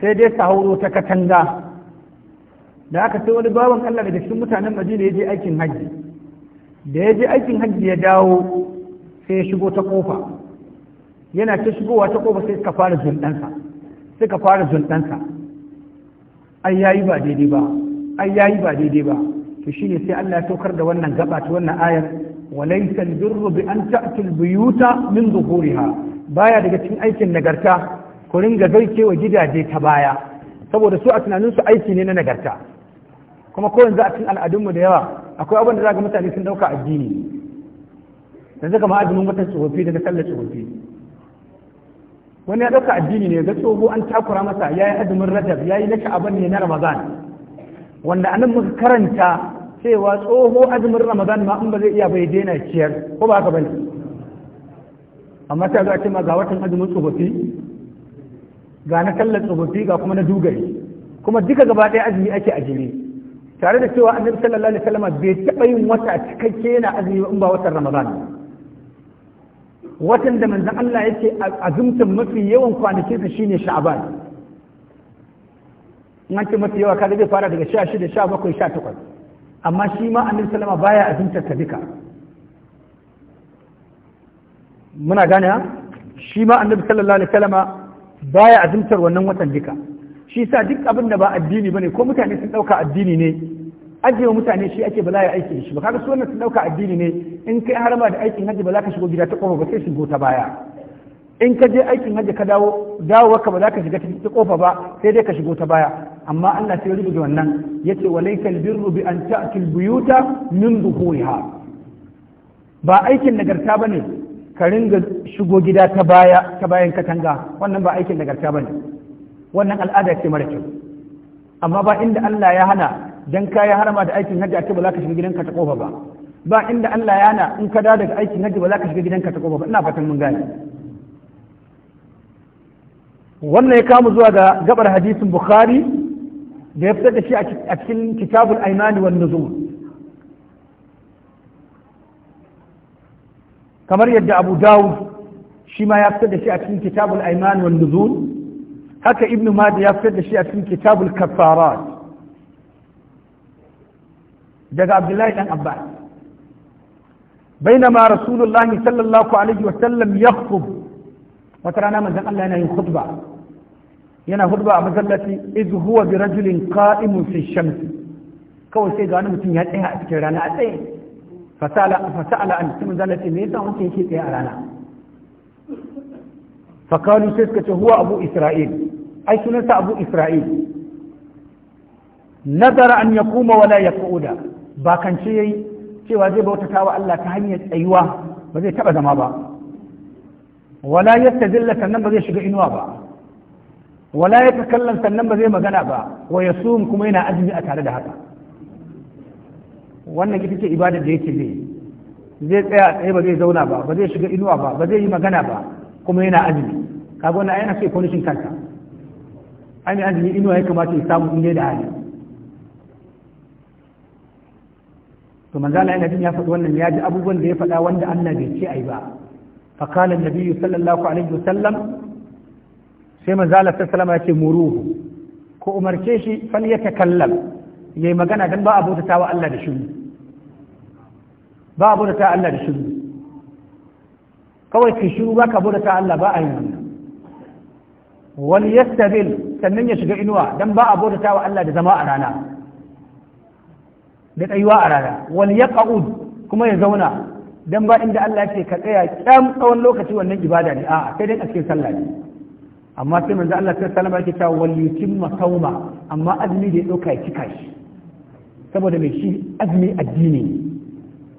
sai dai su hauro ta katanga da aka sai wani babban Allah daga cikin mutanen Madina ya je aikin hajji da ya je aikin hajji ya dawo sai ya shigo ta kofa yana ta shigowa ta kofa sai suka fara zundansa suka fara zundansa ai yayi ba daidai ba ai yayi ba daidai ba to shine sai Allah ya tokar da wannan gaba ta wannan ayar walaysa albirru bi an ta'tul buyuta min zuhuriha baya daga cikin aikin nagarta ku ringa zauke wa gidaje ta baya saboda su a tunaninsu aiki ne na nagarta kuma ko yanzu a cikin al'adunmu da yawa akwai abin da za ga mutane sun dauka addini yanzu kama azumin watan tsofi daga sallar tsofi wani ya dauka addini ne ga tsoho an takura masa ya yi azumin rajab ya yi na sha'aban ne na ramadan wanda anan muka karanta cewa tsoho azumin ramadan ma in ba zai iya bai daina ciyar ko ba haka bane amma ta ga ce ma ga watan azumin tsofaffi ga na kallon tsofaffi ga kuma na dugari kuma duka gaba ɗaya azumi ake a jere tare da cewa annabi sallallahu alaihi wasallam bai taɓa yin wata cikakke yana azumi in ba watan ramadan watan da manzon Allah yake azumtan mafi yawan sa shine sha'ban in ce mafi yawa kaga zai fara daga sha shida sha bakwai sha takwas amma shi ma annabi wasallam baya azumtar ka duka muna gane shi ma annabi sallallahu alaihi wasallama baya azumtar wannan watan duka shi sa duk abin da ba addini bane ko mutane sun dauka addini ne ajiye mutane shi ake bala ya aiki shi ba kaga su wannan sun dauka addini ne in kai harama da aikin haji ba za ka shigo gida ta kofa ba sai shigo ta baya in ka je aikin haji ka dawo dawowarka ba za ka shiga ta kofa ba sai dai ka shigo ta baya amma Allah sai ya rubuta wannan yace walaykal birru bi an ta'til buyuta min dhuhuriha ba aikin nagarta bane ka ringa shigo gida ta baya ta bayan katanga wannan ba aikin nagarta bane wannan al'ada ce mara kyau amma ba inda Allah ya hana dan ya harama da aikin hajji a ce ba za ka shiga gidanka ta kofa ba ba inda Allah ya hana in ka dawo daga aikin hajji ba za ka shiga gidanka ta kofa ba ina fatan mun gane wannan ya kamu zuwa ga gabar hadisin bukhari da ya fitar da shi a cikin kitabul aimani wan nuzul kamar yadda abu dawud shi ma ya fitar da shi a cikin kitabul aiman wal nuzul haka ibnu madi ya fitar da shi a cikin kitabul kafarat daga abdullahi dan abbas بينما رسول الله صلى الله عليه وسلم يخطب وترانا من ذن الله ينا خطبة ينا خطبة مزلتي إذ هو برجل قائم في الشمس كو سيد أنا متن يهد إيها أتكرانا أتين fasala fasala an cikin zalati me yasa wancan yake tsaye a rana fakalu sai suka ce huwa abu isra'il ai sunansa abu isra'il nazara an ya kuma wala ya ku'uda ba kance yayi cewa zai bautata wa Allah ta hanyar tsayuwa ba zai taba zama ba wala yastazilla sannan ba zai shiga inuwa ba wala yatakallam sannan ba zai magana ba wa yasum kuma yana azumi a tare da haka wannan ita ce ibadar da yake zai zai tsaya tsaye ba zai zauna ba ba zai shiga inuwa ba ba zai yi magana ba kuma yana azumi kaga wannan yana sai punishin kansa an yi azumi inuwa ya kamata ya samu in da hali to manzo Allah yana jin ya faɗi wannan ya ji abubuwan da ya faɗa wanda Allah bai ce ai ba fa qala an sallallahu alaihi wasallam sai manzo Allah sallallahu ya ce muruhu ko umarce shi fal yatakallam yayi magana dan ba abota tawa Allah da shi ba abu da ta Allah da shiru kawai ki shiru ba ka bude ta Allah ba a yi wannan wani yastabil sannan ya shiga inuwa dan ba a da ta wa Allah da zama a rana da tsayuwa a rana wani ya ƙa'ud kuma ya zauna don ba inda Allah ce ka tsaya kyam tsawon lokaci wannan ibada ne a sai dai a cikin sallah ne amma sai manzo Allah ta sallama yake cewa wal yutimma sauma amma azumi da ya dauka ya cika shi saboda mai shi azumi addini ne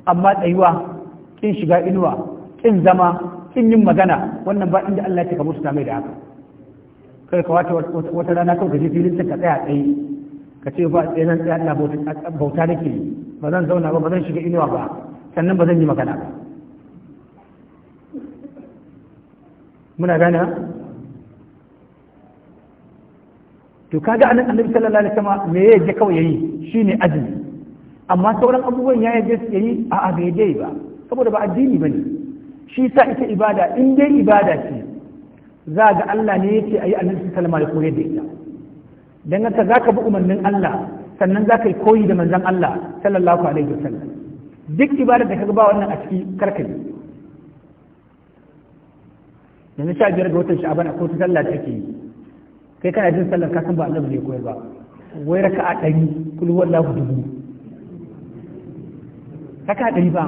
amma tsayuwa kin shiga inuwa kin zama kin yin magana wannan ba inda Allah ya cika musu mai da haka kai ka wata wata rana kawai ka je filin ka tsaya tsaye ka ce ba tsaye nan tsaya Allah bauta nake ba zan zauna ba ba zan shiga inuwa ba sannan ba zan yi magana ba muna gana to kaga anan annabi sallallahu alaihi wasallam me yake kawai yayi shine azumi amma sauran abubuwan ya yi su yi a abedai ba saboda ba addini ba ne shi sa ita ibada in dai ibada ce za ga Allah ne yake ayi annabi sallama ya koyar da ita dan haka ka bi umarnin Allah sannan za ka yi koyi da manzon Allah sallallahu alaihi wasallam duk ibada da kaga ba wannan a ciki karka ne yanzu sha biyar ga watan sha'aban a kotu sallah da ake yi kai kana jin sallar ka san ba Allah ne koyar ba wai raka'a ɗari kulhu wallahu dubu raka ɗari ba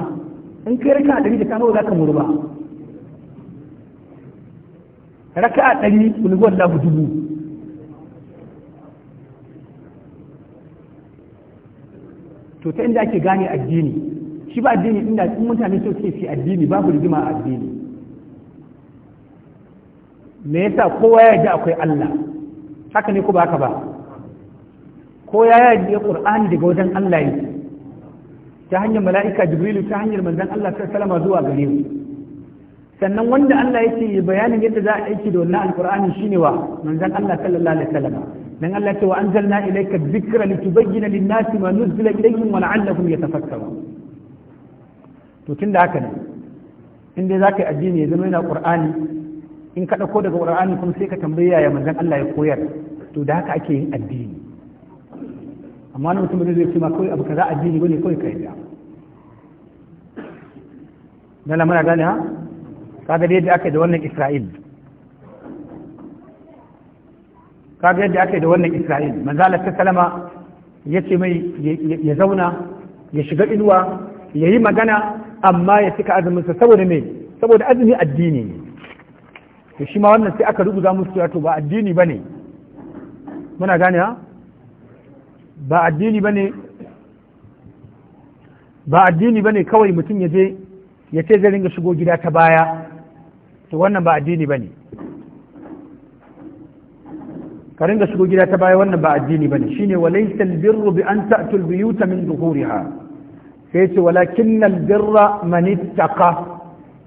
in kai raka ɗari da kano za ka muru ba raka ɗari ulguwar lahu dubu to ta inda ake gane addini shi ba addini inda in mutane so ke fi addini babu rigima a addini me yasa kowa ya ji akwai Allah haka ne ku ba haka ba ko ya yi ƙur'ani daga wajen Allah yake ta hanyar mala'ika jibrilu ta hanyar manzan Allah ta salama zuwa gare mu sannan wanda Allah yake bayanin yadda za a aiki da wannan alƙur'ani shine wa manzan Allah sallallahu alaihi wasallam dan Allah ce wa anzalna ilayka dhikra litubayyana lin-nasi ma nuzila ilayhim wa la'allahum yatafakkarun to tunda haka ne in dai zaka yi addini ya zama yana qur'ani in ka dauko daga qur'ani kuma sai ka tambaye yaya manzan Allah ya koyar to da haka ake yin addini amma wani mutum zai ce ma kawai abu kaza addini bane kawai ka yi na mana gane ha kaga dai yadda aka da wannan isra'il kaga yadda aka da wannan isra'il manzala ta salama ya ce mai ya zauna ya shiga inuwa ya yi magana amma ya cika azuminsa saboda me saboda azumi addini ne to shi ma wannan sai aka rubuta musu cewa to ba addini bane muna gane ha ba addini bane ba addini bane kawai mutum ya je ya ce zai ringa shigo gida ta baya to wannan ba addini ba ne ka ringa shigo gida ta baya wannan ba addini ba ne shi ne walaisal birru bi an biyuta min zuhuriha sai ce walakinnal birra man ittaqa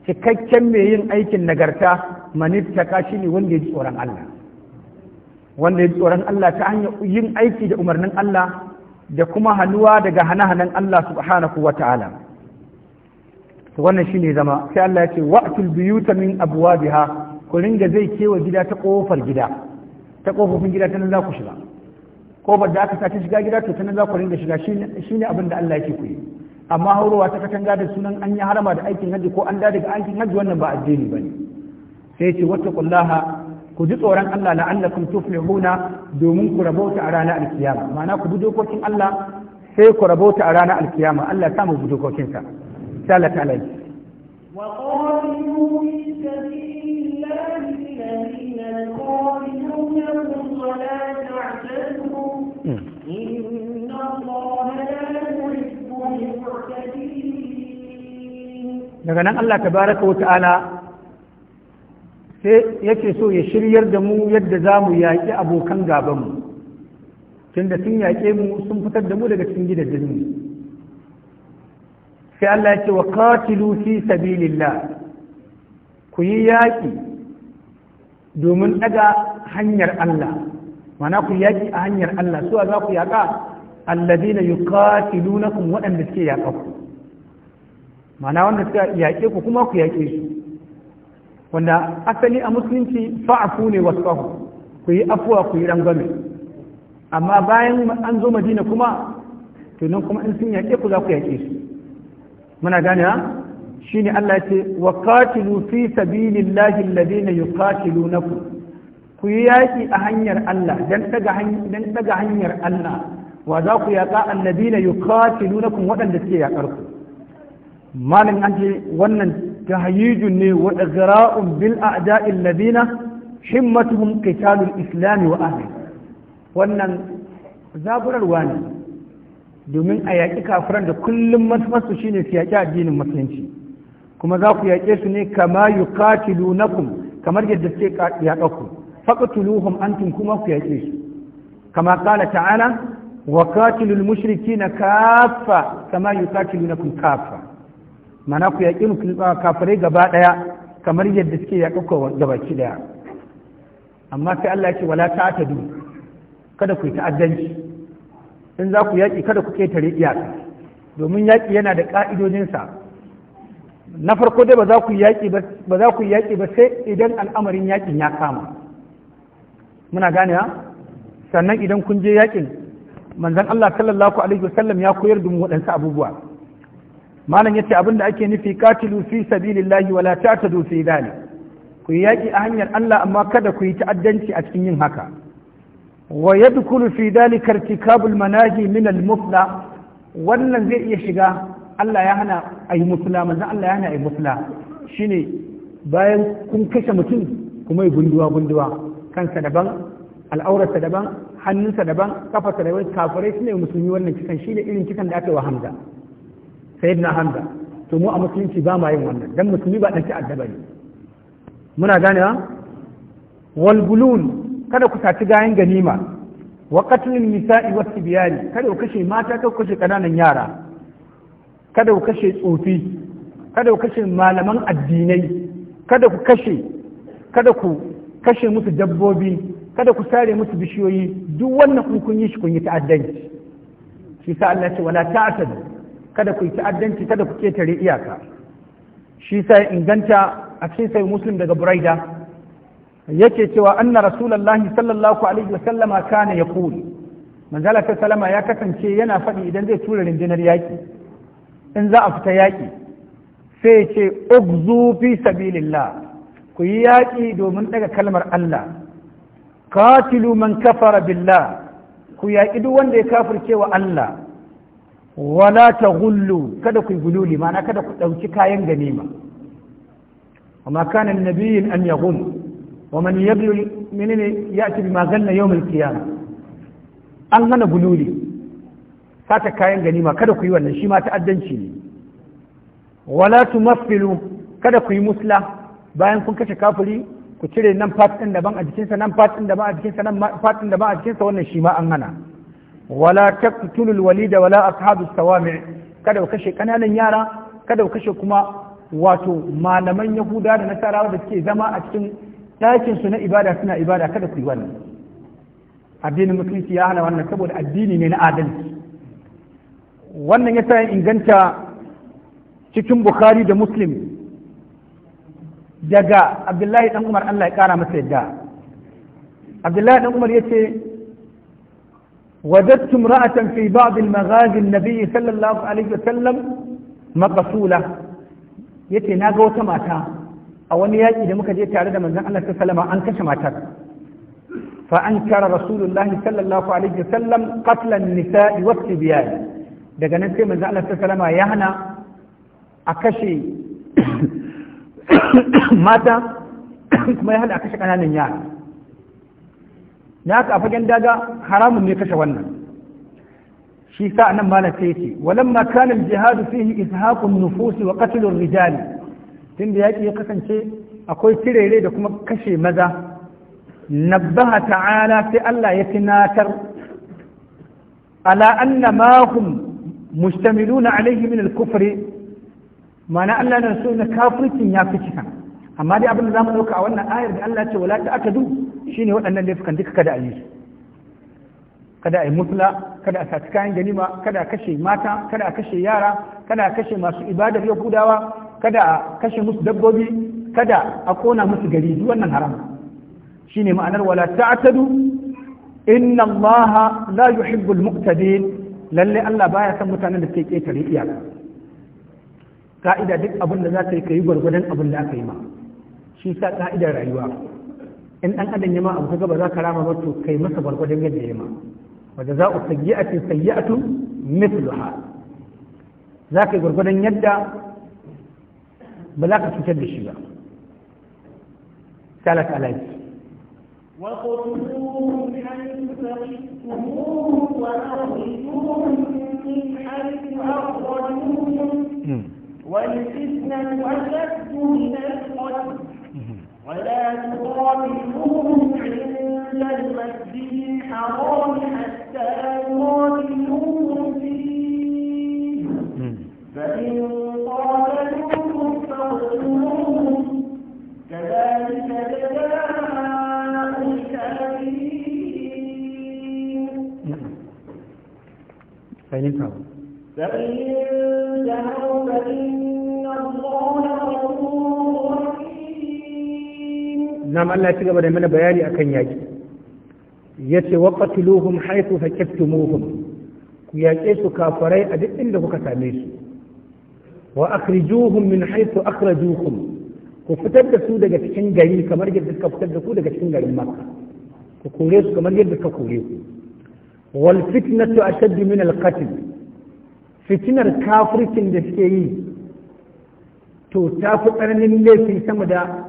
cikakken mai yin aikin nagarta manittaka shi ne wanda ya ji tsoron Allah wanda ya ji tsoron Allah ta hanyar yin aiki da umarnin Allah da kuma hannuwa daga hane-hanen Allah subhanahu wa ta'ala to wannan shine zama sai Allah ya ce wa'tul buyuta min abwabiha ku ringa zai kewa gida ta kofar gida ta kofofin gida ta nan za ku shiga kofar da aka sace shiga gida to ta nan za ku ringa shiga shine abin da Allah yake ku yi amma haurowa ta katanga da sunan an yi harama da aikin hajji ko an da daga aikin hajji wannan ba addini bane sai ce wattaqullaha ku ji tsoron Allah la'allakum tuflihuna domin ku rabauta a ranar alkiyama ma'ana ku bi dokokin Allah sai ku rabauta a ranar alkiyama Allah ya samu bi dokokinsa nan Allah daga nan Allah ta baraka sai yake so ya shiryar da mu yadda za mu yaƙi abokan gabanmu tunda sun yaƙe mu sun fitar da mu daga cikin gidajenmu sai Allah ya ce wa katilu fi sabilillah ku yi yaƙi domin daga hanyar Allah mana ku yaƙi a hanyar Allah su za ku yaƙa alladina yuqatilunakum waɗanda suke yaƙa ku mana wanda suka yaƙe ku kuma ku yaƙe su wanda asali a musulunci fa'afu ne wasfahu ku yi afuwa ku yi rangwame amma bayan an zo madina kuma to nan kuma in sun yaƙe ku za ku yaƙe su muna gane ha shine Allah ce wa qatilu fi sabilillahi alladhina yuqatilunakum ku yi yaki a hanyar Allah dan daga dan daga hanyar Allah wa za ku yaqa alladhina yuqatilunakum waɗanda suke yakar ku malin an ce wannan tahyijun ne wa igra'un bil a'da'i alladhina himmatuhum qitalul islam wa ahli wannan zaburarwa ne domin a yaƙi kafiran da kullum masu shine su yaƙi addinin musulunci kuma za ku yaƙe su ne kama yuqatilunakum kamar yadda suke yaƙa ku an antum kuma ku yaƙe su kama ƙala ta'ala wa mushriki mushrikina kafa kama yuqatilunakum kafa. mana ku yaƙi mu kafirai gaba ɗaya kamar yadda suke yaƙa ku gaba ɗaya amma sai Allah ya ce wala ta'tadu kada ku yi ta'addanci in za ku yaƙi kada ku ƙetare iyaka domin yaƙi yana da ƙa'idojinsa na farko dai ba za ku yaƙi ba sai idan al'amarin yaƙin ya kama muna gane ha sannan idan kun je yaƙin manzan Allah sallallahu alaihi wasallam ya koyar da mu waɗansu abubuwa malam ya yace abinda ake nufi katilu fi sabilillahi wala ta'tadu fi dhalik ku yaƙi a hanyar Allah amma kada ku yi ta'addanci a cikin yin haka ويدخل في ذلك ارتكاب المناهي من المثلى wannan zai iya shiga Allah ya hana a yi musula manzan Allah ya hana a yi musula ne bayan kun kashe mutum kuma yi gunduwa gunduwa kansa daban al'aurarsa daban hannunsa daban kafarsa daban kafirai suna yi musulmi wannan kisan ne irin kisan da aka yi wa hamza na hamza to mu a musulunci ba ma yin wannan dan musulmi ba dan addaba ne. muna ganewa wal bulun kada ku saci gayan ganima wa qatlin nisa'i wa tibyani kada ku kashe mata kada ku kashe kananan yara kada ku kashe tsofi kada ku kashe malaman addinai kada ku kashe kada ku kashe musu dabbobi kada ku sare musu bishiyoyi duk wannan in kun yi shi kun yi ta'addanci shi sa Allah ce wala ta'tadu kada ku yi ta'addanci kada ku ketare iyaka shi sa inganta a cikin sai muslim daga buraida yake cewa anna rasulullahi sallallahu alaihi wa sallama kana yaqul manzala ta salama ya kasance yana faɗi idan zai tura rundunar yaƙi in za a fita yaƙi sai ce ugzu fi sabilillah ku yi yaƙi domin daga kalmar Allah qatilu man kafara billah ku yaƙi duk wanda ya kafirce wa Allah wala ta gullu kada ku gululi ma'ana kada ku ɗauki kayan ganima amma kana nabiyyin an yaghul wa man yablu menene ya'ti bima ganna yawmal qiyamah an hana bululi sata kayan ganima kada ku yi wannan shi ma ta'addanci ne wala tumaffilu kada ku yi musla bayan kun kashe kafiri ku cire nan part ɗin daban a jikinsa nan part ɗin daban a jikinsa nan part da ba a sa wannan shi ma an hana wala taqtulul walida wala ashabus sawami kada ku kashe kananan yara kada ku kashe kuma wato malaman yahuda da nasarawa da suke zama a cikin ɗakin su na ibada suna ibada kada ku yi wannan addinin musulunci ya hana wannan saboda addini ne na adalci wannan ya sa inganta cikin bukhari da muslim daga abdullahi dan umar allah ya kara masa yadda abdullahi dan umar ya ce وجدت امرأة في بعض المغازي النبي صلى الله عليه وسلم مقصولة yace na ga wata mata a wani yaƙi da muka je tare da manzon Allah sallama an kashe matar fa an kara rasulullahi sallallahu alaihi wasallam qatlan nisa'i wa tibyan daga nan sai manzon Allah sallama ya hana a kashe mata kuma ya hana a kashe kananan yara na a fagen daga haramun ne kashe wannan shi sa nan malam sai ce walamma kana al-jihadu fihi ishaqun nufusi wa qatlur rijali tun da yaƙi ya kasance akwai tirere da kuma kashe maza baha ta'ala sai Allah ya tunatar ala anna ma hum mustamiluna alaihi min al-kufri Allah na so na kafircin ya fi cika amma dai abin da zamu dauka a wannan ayar da Allah ce wala ta'tadu shine waɗannan laifukan duka kada a yi kada a yi musula kada a saci kayan ganima kada a kashe mata kada a kashe yara kada a kashe masu ibadar yahudawa kada a kashe musu dabbobi kada a kona musu gari duk wannan haram shine ma'anar wala ta'tadu inna allaha la yuhibbul muqtadin lalle Allah baya son mutanen da suke ƙetare iyaka ka'ida duk abin da za ka yi ka yi gwargwadon abin da aka yi ma shi sa ka'idar rayuwa in dan adam ya ma abu ka gaba za ka rama ba kai masa gwargwadon yadda ya ma wadda za ku sayyi'atin sayyi'atun mithluha za ka yi gwargwadon yadda بلاغة za ka ثلاث da shi حيث من حيث والفتنة أشد من القتل ولا تقاتلوهم عند المسجد الحرام حتى يقاتلوهم فيه فإن قاتلوهم نعم جهروا فإن الله غفور رحيم. نعم الله تعالى بيان أكن ياجي. يتي وقتلوهم حيث فكبتموهم. يا إيسو كافرين أدئن لكم كتاميس. وأخرجوهم من حيث أخرجوكم. ku fitar da su daga cikin gari kamar yadda suka fitar da ku daga cikin garin makka ku kore su kamar yadda suka kore ku wal fitnatu ashaddu min al qatl fitnar kafircin da suke yi to ta fi tsananin laifi sama da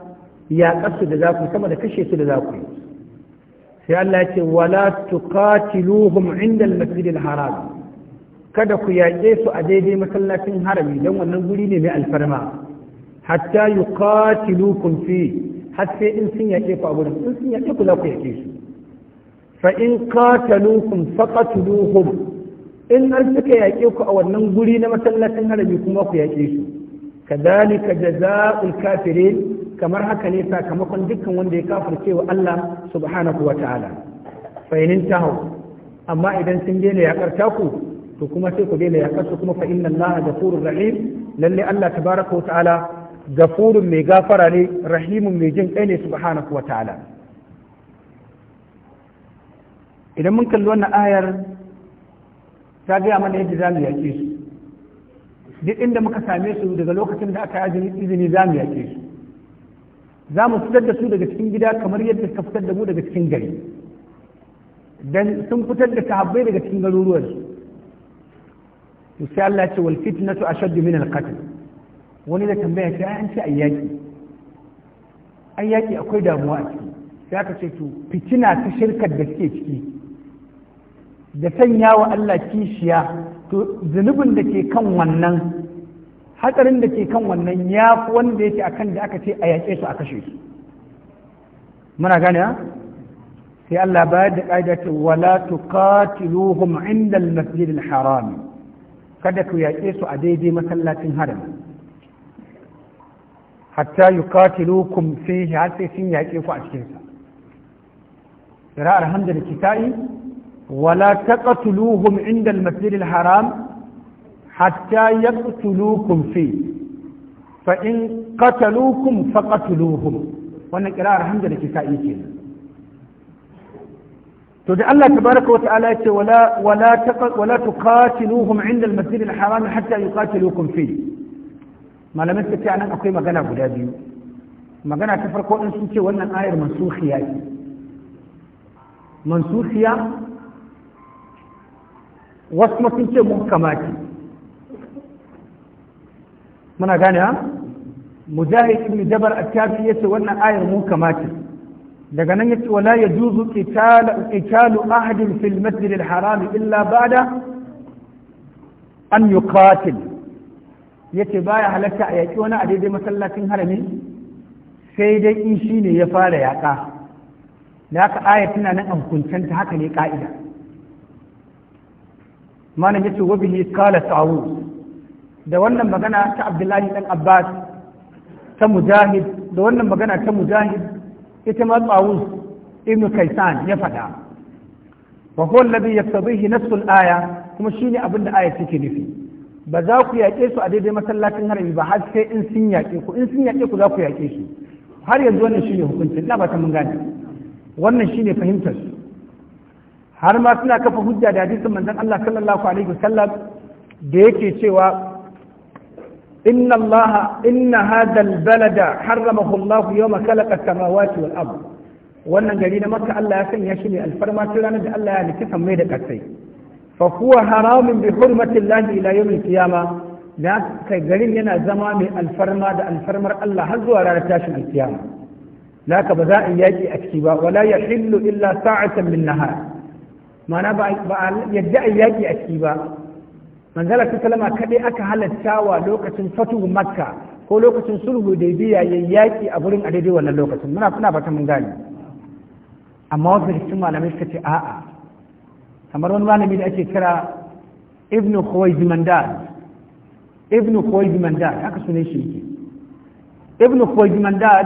yaƙarsu da za ku sama da kashe su da za ku yi sai Allah ya ce wala tuqatiluhum inda al-masjid al-haram kada ku yaƙe su a daidai masallacin harami don wannan guri ne mai alfarma hatta yuqatilukum fi har sai in sun yake ku a wurin in sun yaƙe ku za ku yaƙe su fa in qatalukum faqatuluhum in har suka yake ku a wannan guri na masallacin harabi kuma ku yaƙe su kadhalika jazaa'ul kafirin kamar haka ne sakamakon dukkan wanda ya kafirce wa Allah subhanahu wa ta'ala fa in tahu amma idan sun daina yakar taku to kuma sai ku daina yakar su kuma fa inna Allah ghafurur rahim lalle Allah tabaraka wa ta'ala gafurun mai gafara ne rahimun mai jin ɗai ne subhanahu wa ta'ala idan mun kalli wannan ayar ta gaya mana yadda za mu yaƙe su duk inda muka same su daga lokacin da aka yi izini za mu yaƙe su za mu fitar da su daga cikin gida kamar yadda suka fitar da mu daga cikin gari dan sun fitar da sahabbai daga cikin garuruwan su sai Allah ce wal fitnatu ashaddu min al qatl wani da tambaya ce an ce ayyaki ayyaki akwai damuwa a ciki sai aka ce to fitina ta shirkar da suke ciki da sanya wa Allah kishiya to zunubin da ke kan wannan hatsarin da ke kan wannan ya fi wanda yake akan da aka ce a yaƙe su a kashe su muna gane sai Allah bayar da ƙa'ida ce wala tuqatiluhum inda al masjidil haram kada ku yaƙe su a daidai masallacin harami hatta yuqatilukum fihi har sai sun yaƙe ku a cikin sa qira'ar hamda da kitai wala taqtuluhum inda al-masjid al-haram hatta yaqtulukum fi fa in qatalukum faqatuluhum wannan qira'ar hamda da kitai kenan to da Allah tabaraka wa ta'ala yace wala wala wala tuqatiluhum inda al-masjid al-haram hatta yuqatilukum fi malamai suka ce anan akwai magana guda biyu magana ta farko in sun ce wannan ayar mansukhiya ce mansukhiya wasu ma sun ce muhkama ce muna gane ha mujahid ibn jabar at-tabi ce wannan ayar muhkama ce daga nan ya ce wala yajuzu qitalu qitalu ahadin fil masjid al-haram illa ba'da an yuqatil yace baya halatta a yaƙi wani a daidai masallacin harami sai dai in shi ne ya fara yaƙa da aka aya tana nan a hukuncanta haka ne ƙa'ida malam yace wa bihi qala ta'awuz da wannan magana ta abdullahi dan abbas ta mujahid da wannan magana ta mujahid ita ma tsawus ibn kaisan ya faɗa wa huwa alladhi yaktabihi nassul aya kuma shine abin da aya take nufi ba za ku yaƙe su a daidai masallacin harami ba har sai in sun yaƙe ku in sun yaƙe ku za ku yaƙe su har yanzu wannan shine hukuncin ina ba ta mun gane wannan shine fahimtar su har ma suna kafa hujja da hadisin manzon Allah sallallahu alaihi wasallam da yake cewa inna Allah inna hadha albalada harramahu Allah yawma khalaqa as-samawati wal ard wannan gari na Makka Allah ya sanya shi ne alfarma tun ranar da Allah ya halitta sammai da kasai fa huwa haramun bi hurmatillahi ila yawmil qiyama da kai garin yana zama mai alfarma da alfarmar Allah har zuwa ranar tashin alkiyama laka ba za a yaki a ciki ba wala yahillu illa sa'atan min nahar ma'ana ba yadda a yaki a ciki ba manzala ta salama kaɗai aka halatta wa lokacin fatu makka ko lokacin sulhu da biya yaƙi a gurin a daidai wannan lokacin muna fata mun gane amma wasu cikin malamai suka ce a'a kamar wani malami da ake kira ibn khuwaizimandar ibn khuwaizimandar haka sune shi yake ibn khuwaizimandar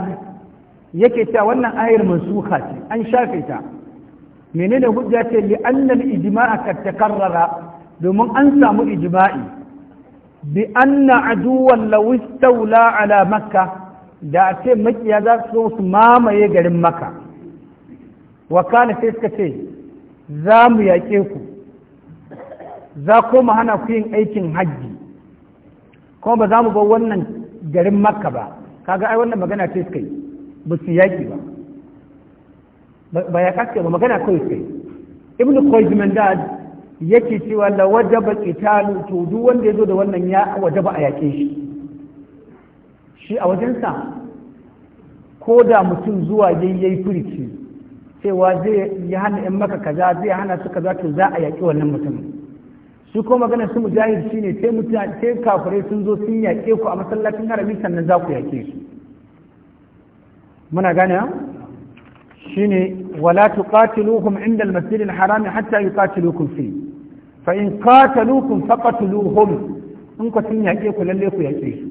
yake cewa wannan ayar mansuha ce an shafe ta menene hujja ce li annal ijma'a kad takarrara domin an samu ijma'i bi anna aduwan law istawla ala makkah da a ce makiya za su su mamaye garin makka wa kana sai suka ce za mu yaƙe ku za kuma hana ku yin aikin hajji kuma ba za mu bar wannan garin makka ba kaga ai wannan magana ce suka yi ba su yaƙi ba ba ya kaske ba magana kawai suka yi ibn qaizmandad yake cewa la wajaba qitalu to duk wanda yazo da wannan ya wajaba a yaƙe shi shi a wajensa ko da mutum zuwa yayi furici cewa zai ya hana in maka kaza zai hana su kaza to za a yaƙi wannan mutumin shi ko magana su mujahid shine sai mutane sun zo sun yaƙe ku a masallacin harami sannan za ku yaƙe su muna gane shine wala tuqatiluhum inda al-masjid al hatta yuqatilukum fi fa in qataluukum faqatuluhum in ku sun yaƙe ku lalle ku yaƙe su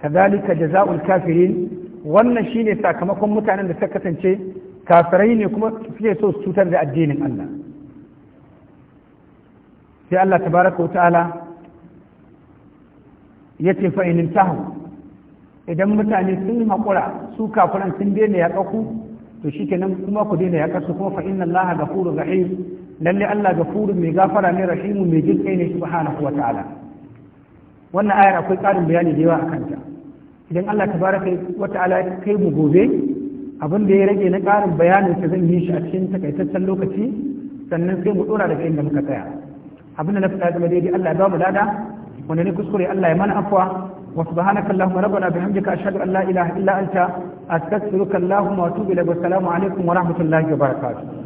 kadhalika jazaa'ul kafirin wannan shine sakamakon mutanen da suka kasance kafirai ne kuma suke so su cutar da addinin Allah sai Allah ta baraka wa ta'ala ya ce fa'inin tahu idan mutane sun yi makura su kafiran sun daina ya ƙaku to shi kenan kuma ku daina ya ƙasu kuma fa'in Allah ga furu rahim lalle Allah ga furu mai gafara ne rahimu mai jin kai ne subhanahu wa ta'ala wannan ayar akwai ƙarin bayani da yawa a kanta idan Allah ta baraka wa ta'ala kai mu gobe abin da ya rage na ƙarin bayanin sa zan yi shi a cikin takaitaccen lokaci sannan sai mu dora daga inda muka tsaya abin da na fita zama daidai Allah ya ba mu lada wanda ne kuskure Allah ya mana afwa wa subhanaka allahumma rabbana bihamdika ashhadu an la ilaha illa anta astaghfiruka allahumma wa atubu ilayk wa assalamu alaikum wa rahmatullahi wa barakatuh